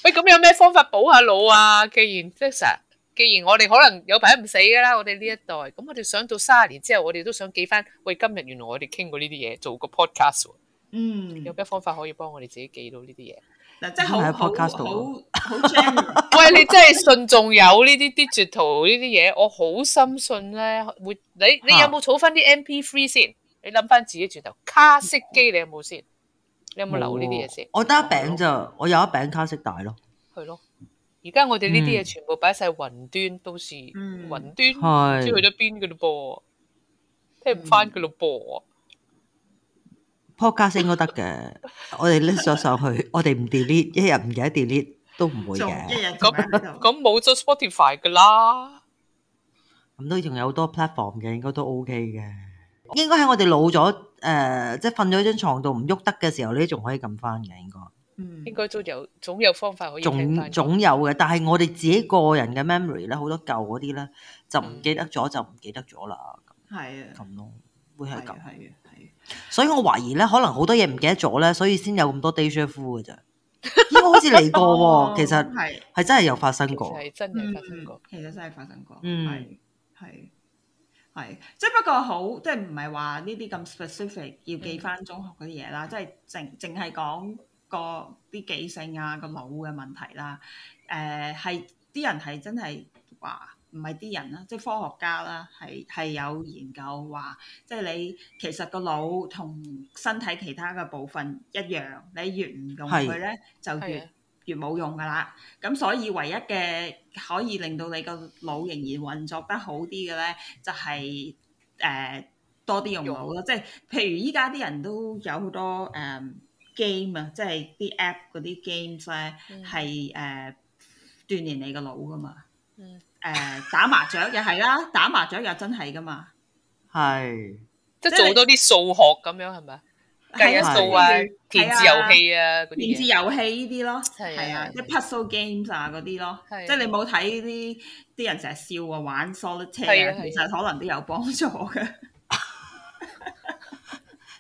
喂，咁有咩方法補下腦啊？既然即係成。既然我哋可能有排唔死噶啦，我哋呢一代，咁我哋想到三十年之後，我哋都想記翻，喂，今日原來我哋傾過呢啲嘢，做個 podcast 嗯，有咩方法可以幫我哋自己記到呢啲嘢？嗱、嗯，真係 podcast <laughs> 喂，你真係信仲有呢啲 Digital 呢啲嘢？我好深信咧，會你你有冇儲翻啲 mp3 先？你諗翻自己轉頭卡式機你有冇，你有冇先？你有冇留呢啲嘢先？我得一餅咋，我有一餅卡式帶咯。係咯。而家我哋呢啲嘢全部擺曬雲端，到時雲端唔知去咗邊嘅嘞噃，聽唔翻嘅嘞噃。Podcast 都得嘅，我哋拎咗上去，我哋唔 delete，一日唔記得 delete 都唔會嘅。一日咁咁冇咗 Spotify 嘅啦。咁都仲有好多 platform 嘅，應該都 OK 嘅。應該喺我哋老咗，誒，即係瞓咗喺張牀度唔喐得嘅時候，你都仲可以撳翻嘅，應該。嗯，應該都有，總有方法可以。總，總有嘅，但係我哋自己個人嘅 memory 咧，好多舊嗰啲咧就唔記得咗，就唔記得咗啦。係啊，咁咯，會係咁。係嘅，係嘅。所以我懷疑咧，可能好多嘢唔記得咗咧，所以先有咁多 deja vu 嘅啫。因為好似嚟過喎，其實係係真係有發生過，係真係發生過，其實真係發生過。嗯，係係，即係不過好，即係唔係話呢啲咁 specific 要記翻中學嗰啲嘢啦，即係淨淨係講。個啲記性啊，個腦嘅問題啦，誒係啲人係真係話唔係啲人啦，即係科學家啦，係係有研究話，即係你其實個腦同身體其他嘅部分一樣，你越唔用佢咧，是就越的越冇用噶啦。咁所以唯一嘅可以令到你個腦仍然運作得好啲嘅咧，就係、是、誒、呃、多啲用腦咯。用即係譬如依家啲人都有好多誒。呃 game 啊，即係啲 app 嗰啲 games 咧係誒鍛鍊你個腦噶嘛，誒打麻雀又係啦，打麻雀又、啊、真係噶嘛，係即係做多啲數學咁樣係咪？計一下數啊，的填字遊戲啊，填的字遊戲呢啲咯，係啊，一 puzzle games 啊嗰啲咯，即係、就是、你冇睇啲啲人成日笑啊，玩 solitaire，的其實可能都有幫助嘅。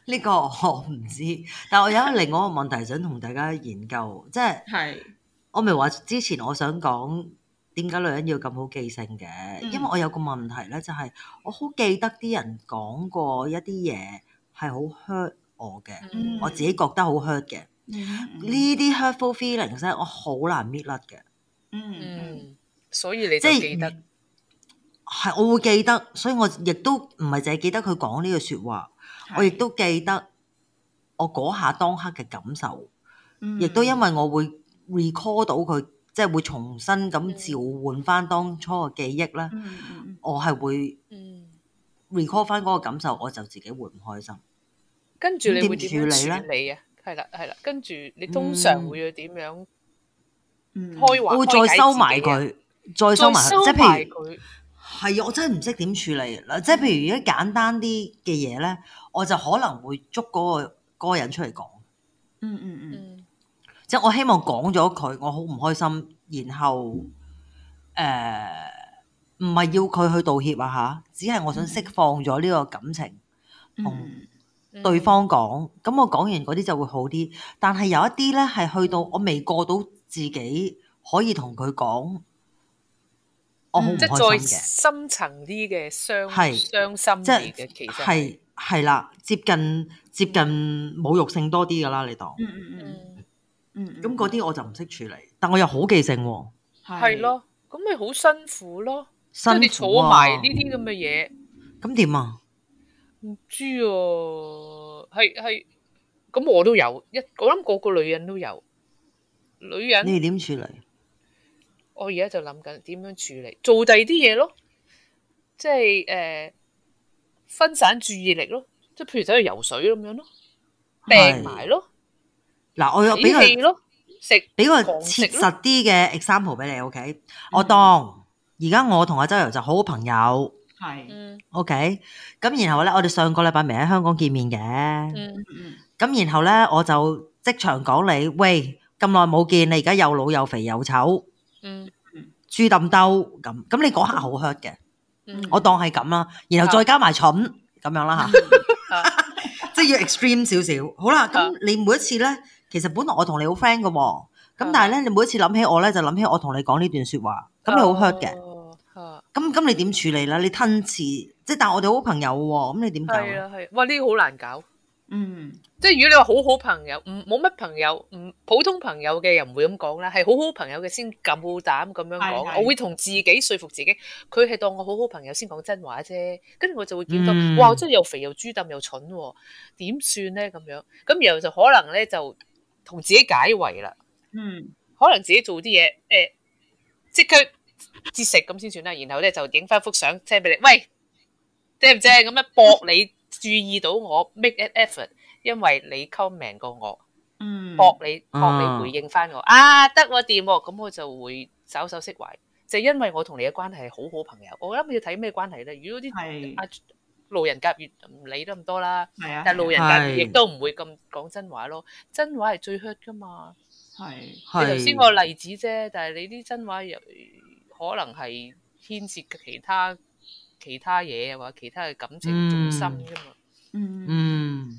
呢個我唔知，但係我有一另外一個問題想同大家研究，即係是我咪話之前我想講點解女人要咁好記性嘅？因為我有個問題咧，就係、是、我好記得啲人講過一啲嘢係好 hurt 我嘅，mm. 我自己覺得好 hurt 嘅。呢啲、mm. hurtful feeling 咧，我好難搣甩嘅。嗯，mm. mm. 所以你記得即係係我會記得，所以我亦都唔係淨係記得佢講呢個說句話。我亦都記得我嗰下當刻嘅感受，亦都、嗯、因為我會 recall 到佢，即係會重新咁召喚翻當初嘅記憶啦。嗯嗯、我係會 recall 翻嗰個感受，我就自己會唔開心。跟住你會點處理咧？係啦、嗯，係啦。跟住你通常會要點樣開？嗯嗯、開會再收埋佢，再收埋，收即係。係啊，我真係唔識點處理嗱，即係譬如如果簡單啲嘅嘢咧，我就可能會捉嗰、嗰個、嗰個人出嚟講。嗯嗯嗯，hmm. 即係我希望講咗佢，我好唔開心，然後誒，唔、呃、係要佢去道歉啊吓，只係我想釋放咗呢個感情同、mm hmm. 對方講。咁、mm hmm. 我講完嗰啲就會好啲，但係有一啲咧係去到我未過到自己可以同佢講。嗯、即係再深層啲嘅傷傷心嚟嘅，其實係係啦，接近接近侮辱性多啲噶啦，你當嗯嗯嗯嗯，咁嗰啲我就唔識處理，但我又好記性喎、啊，係咯是，咁咪好辛苦咯，辛苦啊，坐埋呢啲咁嘅嘢，咁點啊？唔知、嗯、啊，係係、啊，咁我都有一，我諗個個女人都有，女人你點處理？我而家就諗緊點樣處理，做第二啲嘢咯，即係誒分散注意力咯，即係譬如走去游水咁樣咯，病埋咯。嗱，我又俾佢食，俾個切實啲嘅 example 俾你。O K，我當而家我同阿周游就好好朋友，係，O K。咁然後咧，我哋上個禮拜未喺香港見面嘅，咁然後咧我就即場講你，喂，咁耐冇見，你而家又老又肥又醜。嗯，豬氹兜咁，咁你嗰下好 hurt 嘅。嗯、我當係咁啦，然後再加埋蠢咁 <laughs> 樣啦吓，即 <laughs> 係要 extreme 少少。好啦，咁你每一次咧，其實本來我同你好 friend 噶，咁 <laughs> 但係咧，你每一次諗起我咧，就諗起我同你講呢段說話，咁你好 hurt 嘅，咁咁，哦啊，你點處理啦？你吞詞，即係但係我哋好朋友喎，哦，咁你點搞啊，啊？哇，呢個好難搞。嗯，即係如果你話，好好朋友，唔冇乜朋友，唔普通朋友嘅人唔會咁講啦，係好好朋友嘅先咁膽咁樣講。是是我會同自己說服自己，佢係當我好好朋友先講真話啫。跟住我就會見到，嗯、哇，真係又肥又豬兜又蠢，啊，點算咧？咁樣咁然後就可能咧就同自己解圍啦。嗯，可能自己做啲嘢，誒、呃，即係佢節食咁先算啦。然後咧就影翻幅相 send 俾你，喂，正唔正？咁樣搏你。 <laughs> 注意到我 make an effort，因為你 comment 過我，嗯，搏你搏你回應翻我、嗯，啊，得我掂、哦，咁我就會稍手釋懷，就係，因為我同你嘅關係好好朋友，我諗要睇咩關係咧，如果啲路的、啊、人甲越唔理得咁多啦，但係路人甲亦都唔會咁講真話咯，真話係最 hurt 噶嘛。係，你頭先個例子啫，但係你啲真話又可能係牽涉其他。其他嘢啊，或者其他嘅感情仲深噶嘛，嗯，嗯，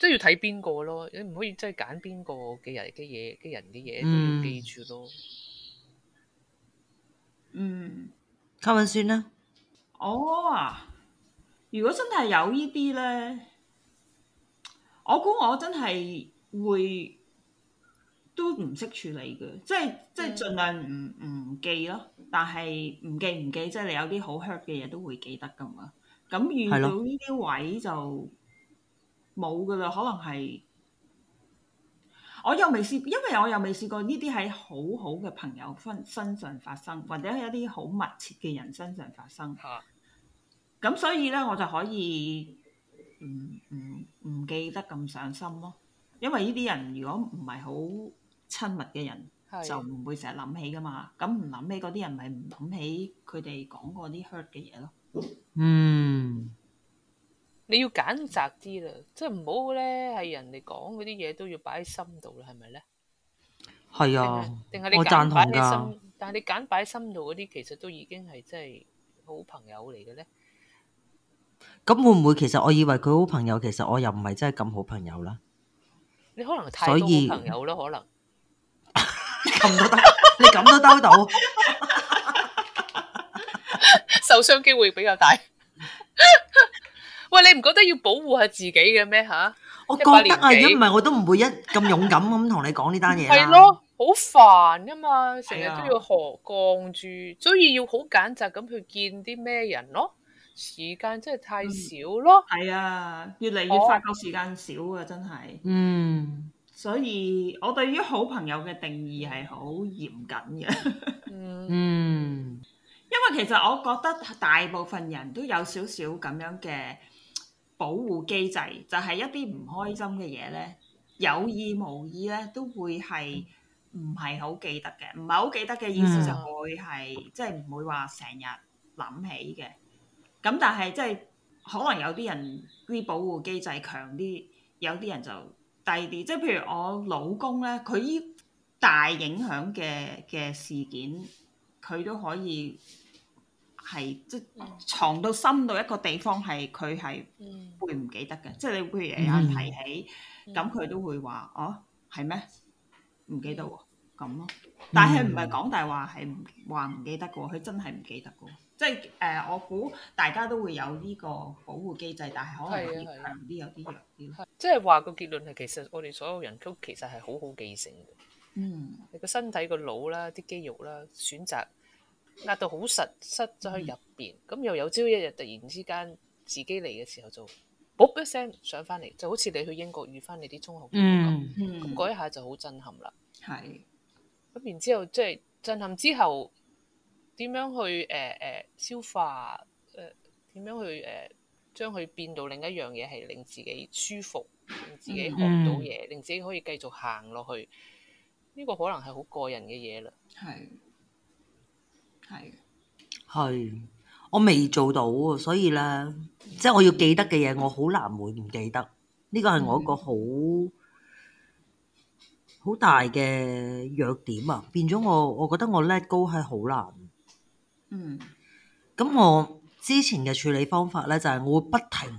即係要睇邊個咯，你唔可以即係揀邊個嘅人嘅嘢，嘅人嘅嘢就要記住咯，嗯，靠運算啦，哦，oh, 如果真係有依啲咧，我估我真係會。都唔識處理嘅，即係即係盡量唔唔、嗯、記咯。但係唔記唔記，即係你有啲好 hurt 嘅嘢都會記得噶嘛。咁遇到呢啲位就冇噶啦，可能係我又未試，因為我又未試過呢啲喺好好嘅朋友身身上發生，或者係一啲好密切嘅人身上發生。啊！咁所以咧，我就可以唔唔唔記得咁上心咯，因為呢啲人如果唔係好。親密嘅人就唔會成日諗起㗎嘛，咁唔諗起嗰啲人咪唔諗起佢哋講過啲 hurt 嘅嘢咯。嗯，你要揀擇啲啦，即係唔好咧係人哋講嗰啲嘢都要擺喺心度啦，係咪咧？係啊，定係你我贊同你。但係你揀擺喺心度嗰啲，其實都已經係真係好朋友嚟嘅咧。咁會唔會其實我以為佢好朋友，其實我又唔係真係咁好朋友啦？你可能太多朋友咯，可能。冚到兜，你咁都兜到，受傷機會比較大。 <laughs> 喂，你唔覺得要保護下自己嘅咩吓？我覺得啊，如果唔係我都唔會一咁 <laughs> 勇敢咁同你講呢單嘢。係咯，好煩啊嘛，成日都要何降住，的所以要好揀擇咁去見啲咩人咯。時間真係太少咯，係啊、嗯，越嚟越發覺時間少啊，真係、哦。嗯。所以我對於好朋友嘅定義係好嚴謹嘅，嗯，因為其實我覺得大部分人都有少少咁樣嘅保護機制，就係一啲唔開心嘅嘢咧，有意無意咧都會係唔係好記得嘅，唔係好記得嘅意思就係會係即係唔會話成日諗起嘅。咁但係即係可能有啲人啲保護機制強啲，有啲人就。第二啲，即係譬如我老公咧，佢大影響嘅嘅事件，佢都可以係即係藏到深到一個地方，係佢係會唔記得嘅。嗯、即係你譬如有人提起，咁佢、嗯、都會話，哦、嗯，係、嗯、咩？唔、啊記，嗯、記得喎，咁咯。但係唔係講大話，係話唔記得嘅，佢真係唔記得嘅。即係誒、呃，我估大家都會有呢個保護機制，但係可能強啲，有啲弱啲咯。即係話個結論係，其實我哋所有人都其實係好好記性嘅。嗯，你個身體個腦啦，啲肌肉啦，選擇壓到好實，塞咗喺入邊，咁、嗯、又有朝一日突然之間自己嚟嘅時候就，就卜一聲上翻嚟，就好似你去英國遇翻你啲中學同學咁，嗰、嗯嗯、一下就好震撼啦。係咁是，然之後即係、就是、震撼之後。點樣去誒誒消化誒？點樣去誒將佢變到另一樣嘢，係令自己舒服，令自己學到嘢，令自己可以繼續行落去？呢個可能係好個人嘅嘢啦。係係係，我未做到，所以啦，即係我要記得嘅嘢，我好難會唔記得，呢個係我一個好好大嘅弱點啊！變咗我，我覺得我 let go 係好難。嗯，咁我之前嘅處理方法咧，就係、是、我會不停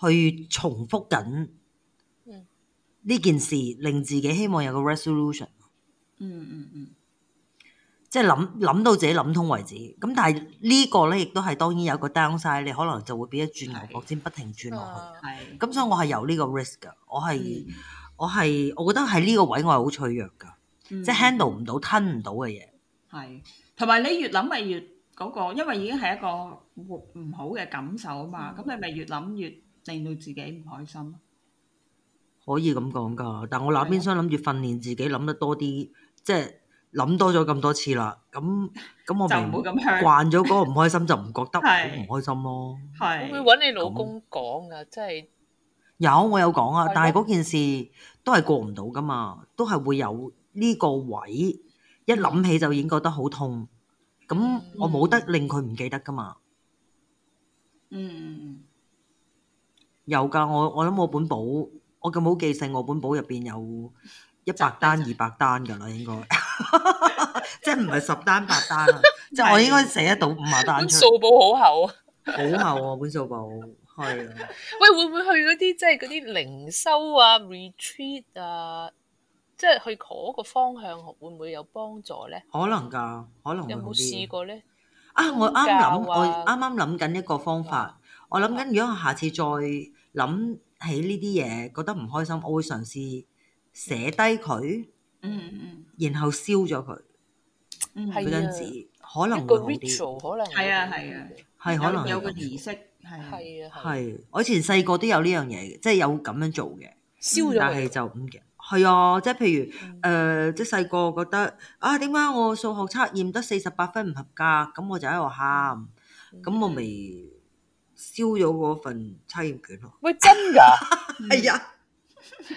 去重複緊呢件事，令自己希望有個 resolution、嗯。嗯嗯嗯，即係諗諗到自己諗通為止。咁但係呢個咧，亦都係當然有個 downside，你可能就會變咗轉牛角尖，是不停轉落去。係。咁所以我係有呢個 risk 噶，我係是我係我覺得喺呢個位我係好脆弱噶，嗯、即係 handle 唔到，吞唔到嘅嘢。係。同埋你越諗咪越嗰個，因為已經係一個唔好嘅感受啊嘛，咁、嗯、你咪越諗越，越令到自己唔開心。可以咁講噶，但係我諗邊想諗住訓練自己諗得多啲，的即係諗多咗咁多次啦。咁咁我就唔會咁慣咗嗰個唔開心，就唔覺得好唔開心咯、啊。會唔會搵你老公講噶？即係有我有講啊，的但係嗰件事都係過唔到噶嘛，都係會有呢個位。一諗起就已經覺得好痛，咁我冇得令佢唔記得噶嘛。嗯有噶，我我諗我本簿，我咁冇記性，我本簿入邊有一百單、二百單噶啦，應該， <laughs> 即係唔係十單、八單， <laughs> 即係我應該寫得到五萬單。本數 <laughs> 簿好很厚啊！好 <laughs> 厚啊！本數簿係啊。喂，會唔會去嗰啲即係嗰啲靈修啊、retreat 啊？即係去嗰個方向會唔會有幫助咧？可能㗎，可能會好啲，有冇試過咧？啊！我啱諗，我啱啱諗緊一個方法。我諗緊，如果我下次再諗起呢啲嘢，覺得唔開心，我會嘗試寫低佢，嗯嗯，然後燒咗佢，嗯，嗰張紙可能會好啲，可能係啊係啊，係可能有個儀式，係啊係啊，係。我以前細個都有呢樣嘢，即係有咁樣做嘅，燒咗，但係就咁嘅。係啊，即係譬如，誒，即細個覺得啊，點解我數學測驗得四十八分唔合格？咁我就喺度喊，咁我咪燒咗嗰份測驗卷咯。喂，真㗎？係啊，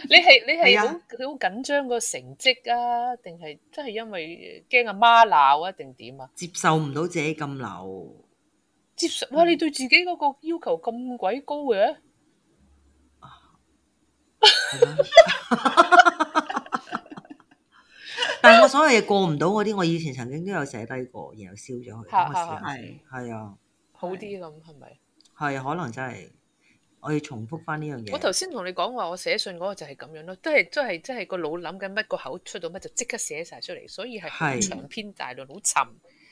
你係你係好好緊張個成績啊？定係真係因為驚阿媽鬧啊？定點啊？接受唔到自己咁流，接受哇！你對自己嗰個要求咁鬼高嘅。係咯， <laughs> <laughs> 但係我所謂過唔到嗰啲，我以前曾經都有寫低過，然後燒咗佢。係係啊，好啲咁係咪？係可能真係我要重複翻呢樣嘢。我頭先同你講話，我寫信嗰個就係咁樣咯，都係都係真係個腦諗緊乜，個口出到乜就即刻寫晒出嚟，所以係長篇大論好沉。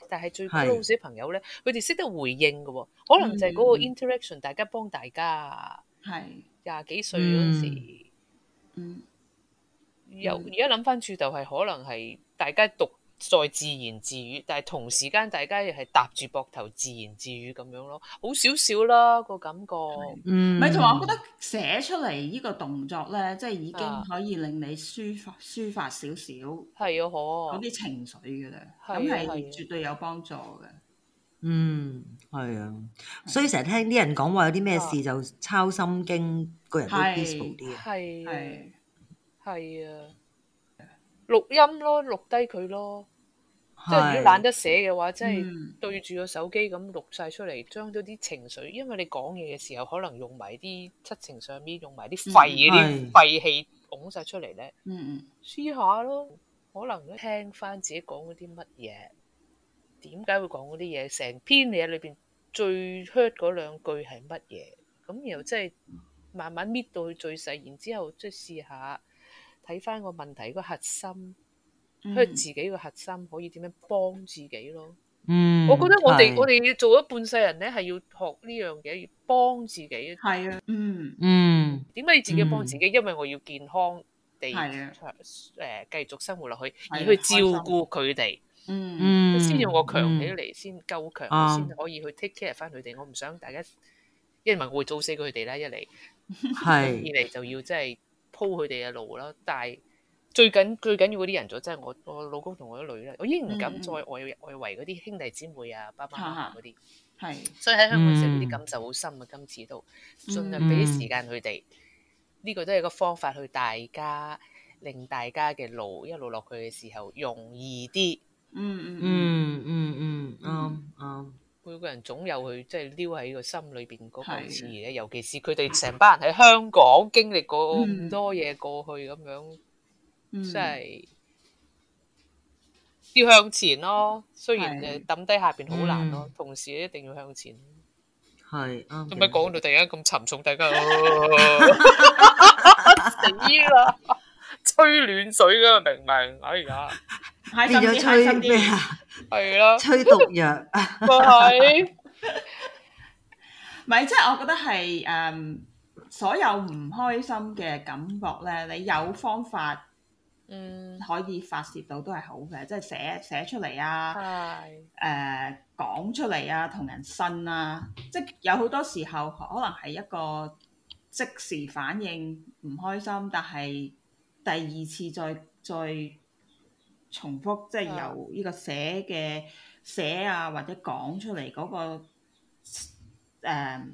但係最高佬小朋友咧，佢哋識得回應噶，可能就係嗰個 interaction，、嗯、大家幫大家，係廿幾歲嗰時。嗯嗯，又而家諗翻住就係可能係大家讀在自言自語，但係同時間大家又係搭住膊頭自言自語咁樣咯，好少少啦個感覺。是是嗯，咪同埋我覺得寫出嚟呢個動作咧，即係已經可以令你發、啊、抒發抒發少少係啊，嗰啲情緒噶啦，咁係絕對有幫助嘅。嗯，係啊，啊啊所以成日聽啲人講話有啲咩事就抄心經。係係係啊！錄音咯，錄低佢咯。是即係如果懶得寫嘅話，即係、嗯、對住個手機咁錄晒出嚟，將咗啲情緒，因為你講嘢嘅時候，可能用埋啲七情上面用埋啲廢啲廢氣拱晒出嚟咧。嗯嗯，嗯試下咯，可能聽翻自己講嗰啲乜嘢，點解會講嗰啲嘢？成篇嘢裏邊最 hurt 嗰兩句係乜嘢？咁又真係。嗯慢慢搣到佢最細，然之後即係試下睇翻個問題個核心，佢自己個核心可以點樣幫自己咯？嗯，我覺得我哋我哋要做咗半世人咧，係要學呢樣嘢，要幫自己係啊。嗯嗯，點解要自己幫自己？因為我要健康地係啊，誒繼續生活落去，而去照顧佢哋。嗯，先要個強起嚟，先夠強，先可以去 take care 翻佢哋。我唔想大家因，唔係會糟死佢哋啦，一嚟。係，二嚟 <laughs> 就要真係鋪佢哋嘅路啦。但係最緊最緊要嗰啲人就即係我我老公同我啲女啦。我已經唔敢再外、嗯、外圍嗰啲兄弟姊妹啊、爸爸媽媽嗰啲。係八，所以喺香港成嗰啲感受好深啊。今次都盡量俾啲時間佢哋，呢個都係一個方法去大家令大家嘅路一路落去嘅時候容易啲。嗯嗯嗯嗯嗯嗯嗯。 <noise> 每個人總有佢即係撩喺個心裏邊嗰份事嘅，尤其是佢哋成班人喺香港經歷過咁多嘢，過去咁樣，即係要向前咯。雖然誒，抌低下邊好難咯，同時一定要向前。係，做咩講到突然間咁沉重，大家死啦！吹暖水㗎，明唔明，哎呀～變咗催咩啊？係咯，催毒藥。唔係，唔係，即係我覺得係誒，所有唔開心嘅感覺咧，你有方法，嗯，可以發洩到都係好嘅，即係寫寫出嚟啊，誒，講出嚟啊，同人呻啊，即係有好多時候可能係一個即時反應唔開心，但係第二次再再。重複即係、就是、由呢個寫嘅寫啊，或者講出嚟嗰、那個、呃、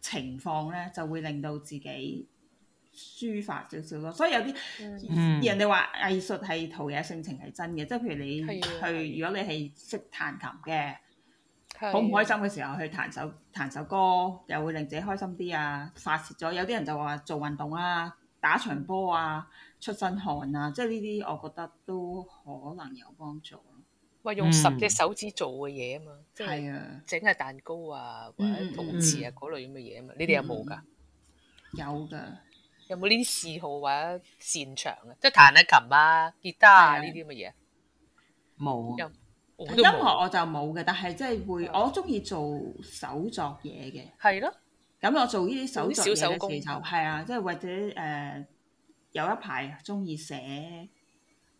情況咧，就會令到自己抒發少少咯。所以有啲、嗯、人哋話藝術係陶冶性情係真嘅，即係譬如你去，的如果你係識彈琴嘅，好唔開心嘅時候去彈首彈首歌，又會令自己開心啲啊，發泄咗。有啲人就話做運動啊，打場波啊。出身汗啊，即係呢啲，我覺得都可能有幫助咯。喂，用十隻手指做嘅嘢啊嘛，即係整下蛋糕啊，或者陶瓷啊嗰類咁嘅嘢啊嘛，你哋有冇噶？有噶，有冇呢啲嗜好或者擅長啊？即係彈下琴啊、吉他啊呢啲咁嘅嘢？冇。音樂我就冇嘅，但係即係會，我中意做手作嘢嘅。係咯。咁我做呢啲手作嘢嘅時候，係啊，即係或者誒。有一排鍾意寫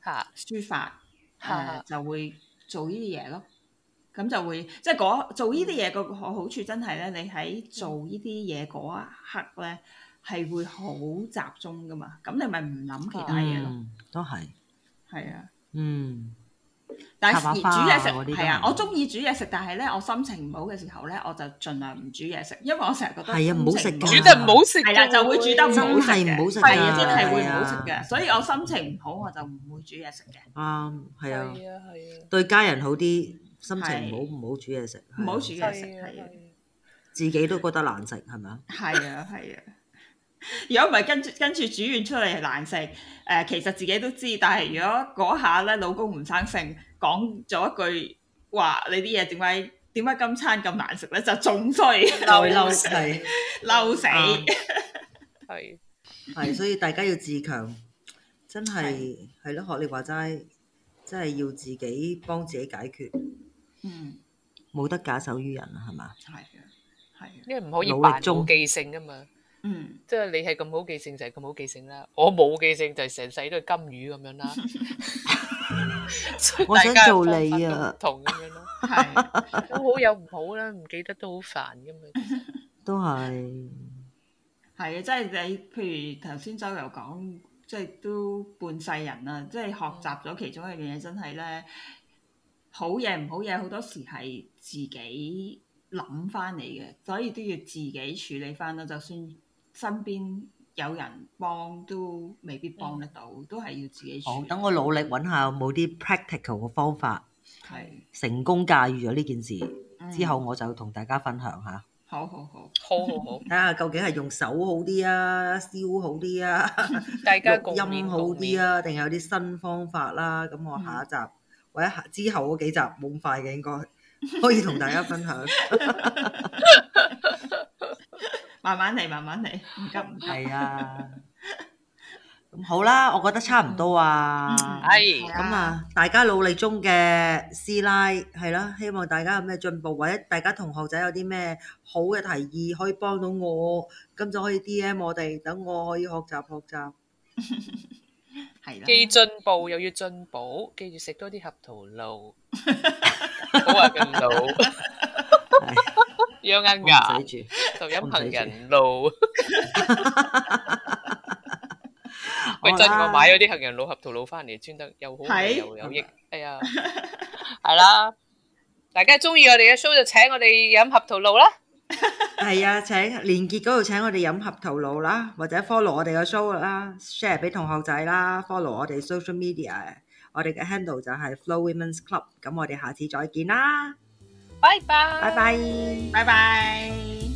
吓書法，誒、啊呃、就會做呢啲嘢咯。咁就會即係嗰，做呢啲嘢個好處真係咧，你喺做呢啲嘢嗰一刻咧係會好集中㗎嘛。咁你咪唔諗其他嘢咯。嗯、都係。係啊。嗯。但係煮嘢食係啊，我中意煮嘢食，但係咧我心情唔好嘅時候咧，我就盡量唔煮嘢食，因為我成日覺得係啊唔好食，煮得唔好食係啦，就會煮得唔好食，真係唔好食嘅嘢真係會唔好食嘅，所以我心情唔好我就唔會煮嘢食嘅。啊係啊，係啊，對家人好啲，心情唔好唔好煮嘢食，唔好煮嘢食，係啊，自己都覺得難食係咪啊？係啊，係啊。如果唔係跟住跟住煮完出嚟係難食，誒、呃、其實自己都知，但係如果嗰下咧老公唔生性，講咗一句哇你啲嘢，點解點解今餐咁難食咧，就仲衰，再嬲死，嬲死 <laughs> 係係所以大家要自強，真係係咯學你話齋，真係要自己幫自己解決，嗯，冇得假手於人係嘛，係係因為唔可以扮中記性㗎嘛。嗯，即係你係咁好，好記性，就係咁好記性啦。我冇記性，就係成世都係金魚咁樣啦。我想做你啊 <laughs> 分分同，同咁樣咯。係，好有唔好啦，唔記得都好煩噶嘛。都係，係啊， <laughs> 即係你。譬如頭先周游講，即係都半世人啦，即係學習咗其中一樣嘢，真係咧，好嘢唔好嘢，好多時係自己諗翻嚟嘅，所以都要自己處理翻咯，就算。身邊有人幫都未必幫得到，嗯、都係要自己。好，等我努力揾下冇啲 practical 嘅方法，是成功駕馭咗呢件事、嗯、之後，我就同大家分享下。好好好，好好好，睇下 <laughs> 究竟係用手好啲啊，燒好啲啊，錄音好啲啊，定係有啲新方法啦。咁我下一集、嗯、或者之後嗰幾集冇咁快嘅，應該可以同大家分享。 <laughs> <laughs> 慢慢嚟，慢慢嚟，唔急唔急。係啊，咁好啦，我覺得差唔多啊。係，咁啊，大家努力中嘅師奶，係啦，希望大家有咩進步，或者大家同學仔有啲咩好嘅提議，可以幫到我，咁就可以 DM 我哋，等我可以學習學習。係啦。既進步又要進補，記住食多啲合桃露，核桃露。飲硬㗎，就飲杏仁露。我真我買咗啲杏仁露、合桃露翻嚟，專得又好味又有益。哎呀，係啦，大家中意我哋嘅 show 就請我哋飲合桃露啦。係啊，請連結嗰度請我哋飲合桃露啦，或者 follow 我哋嘅 show 啦，share 俾同學仔啦，follow 我哋 social media，我哋嘅 handle 就係 Flo Women’s Club。咁我哋下次再見啦。拜拜，拜拜，拜拜。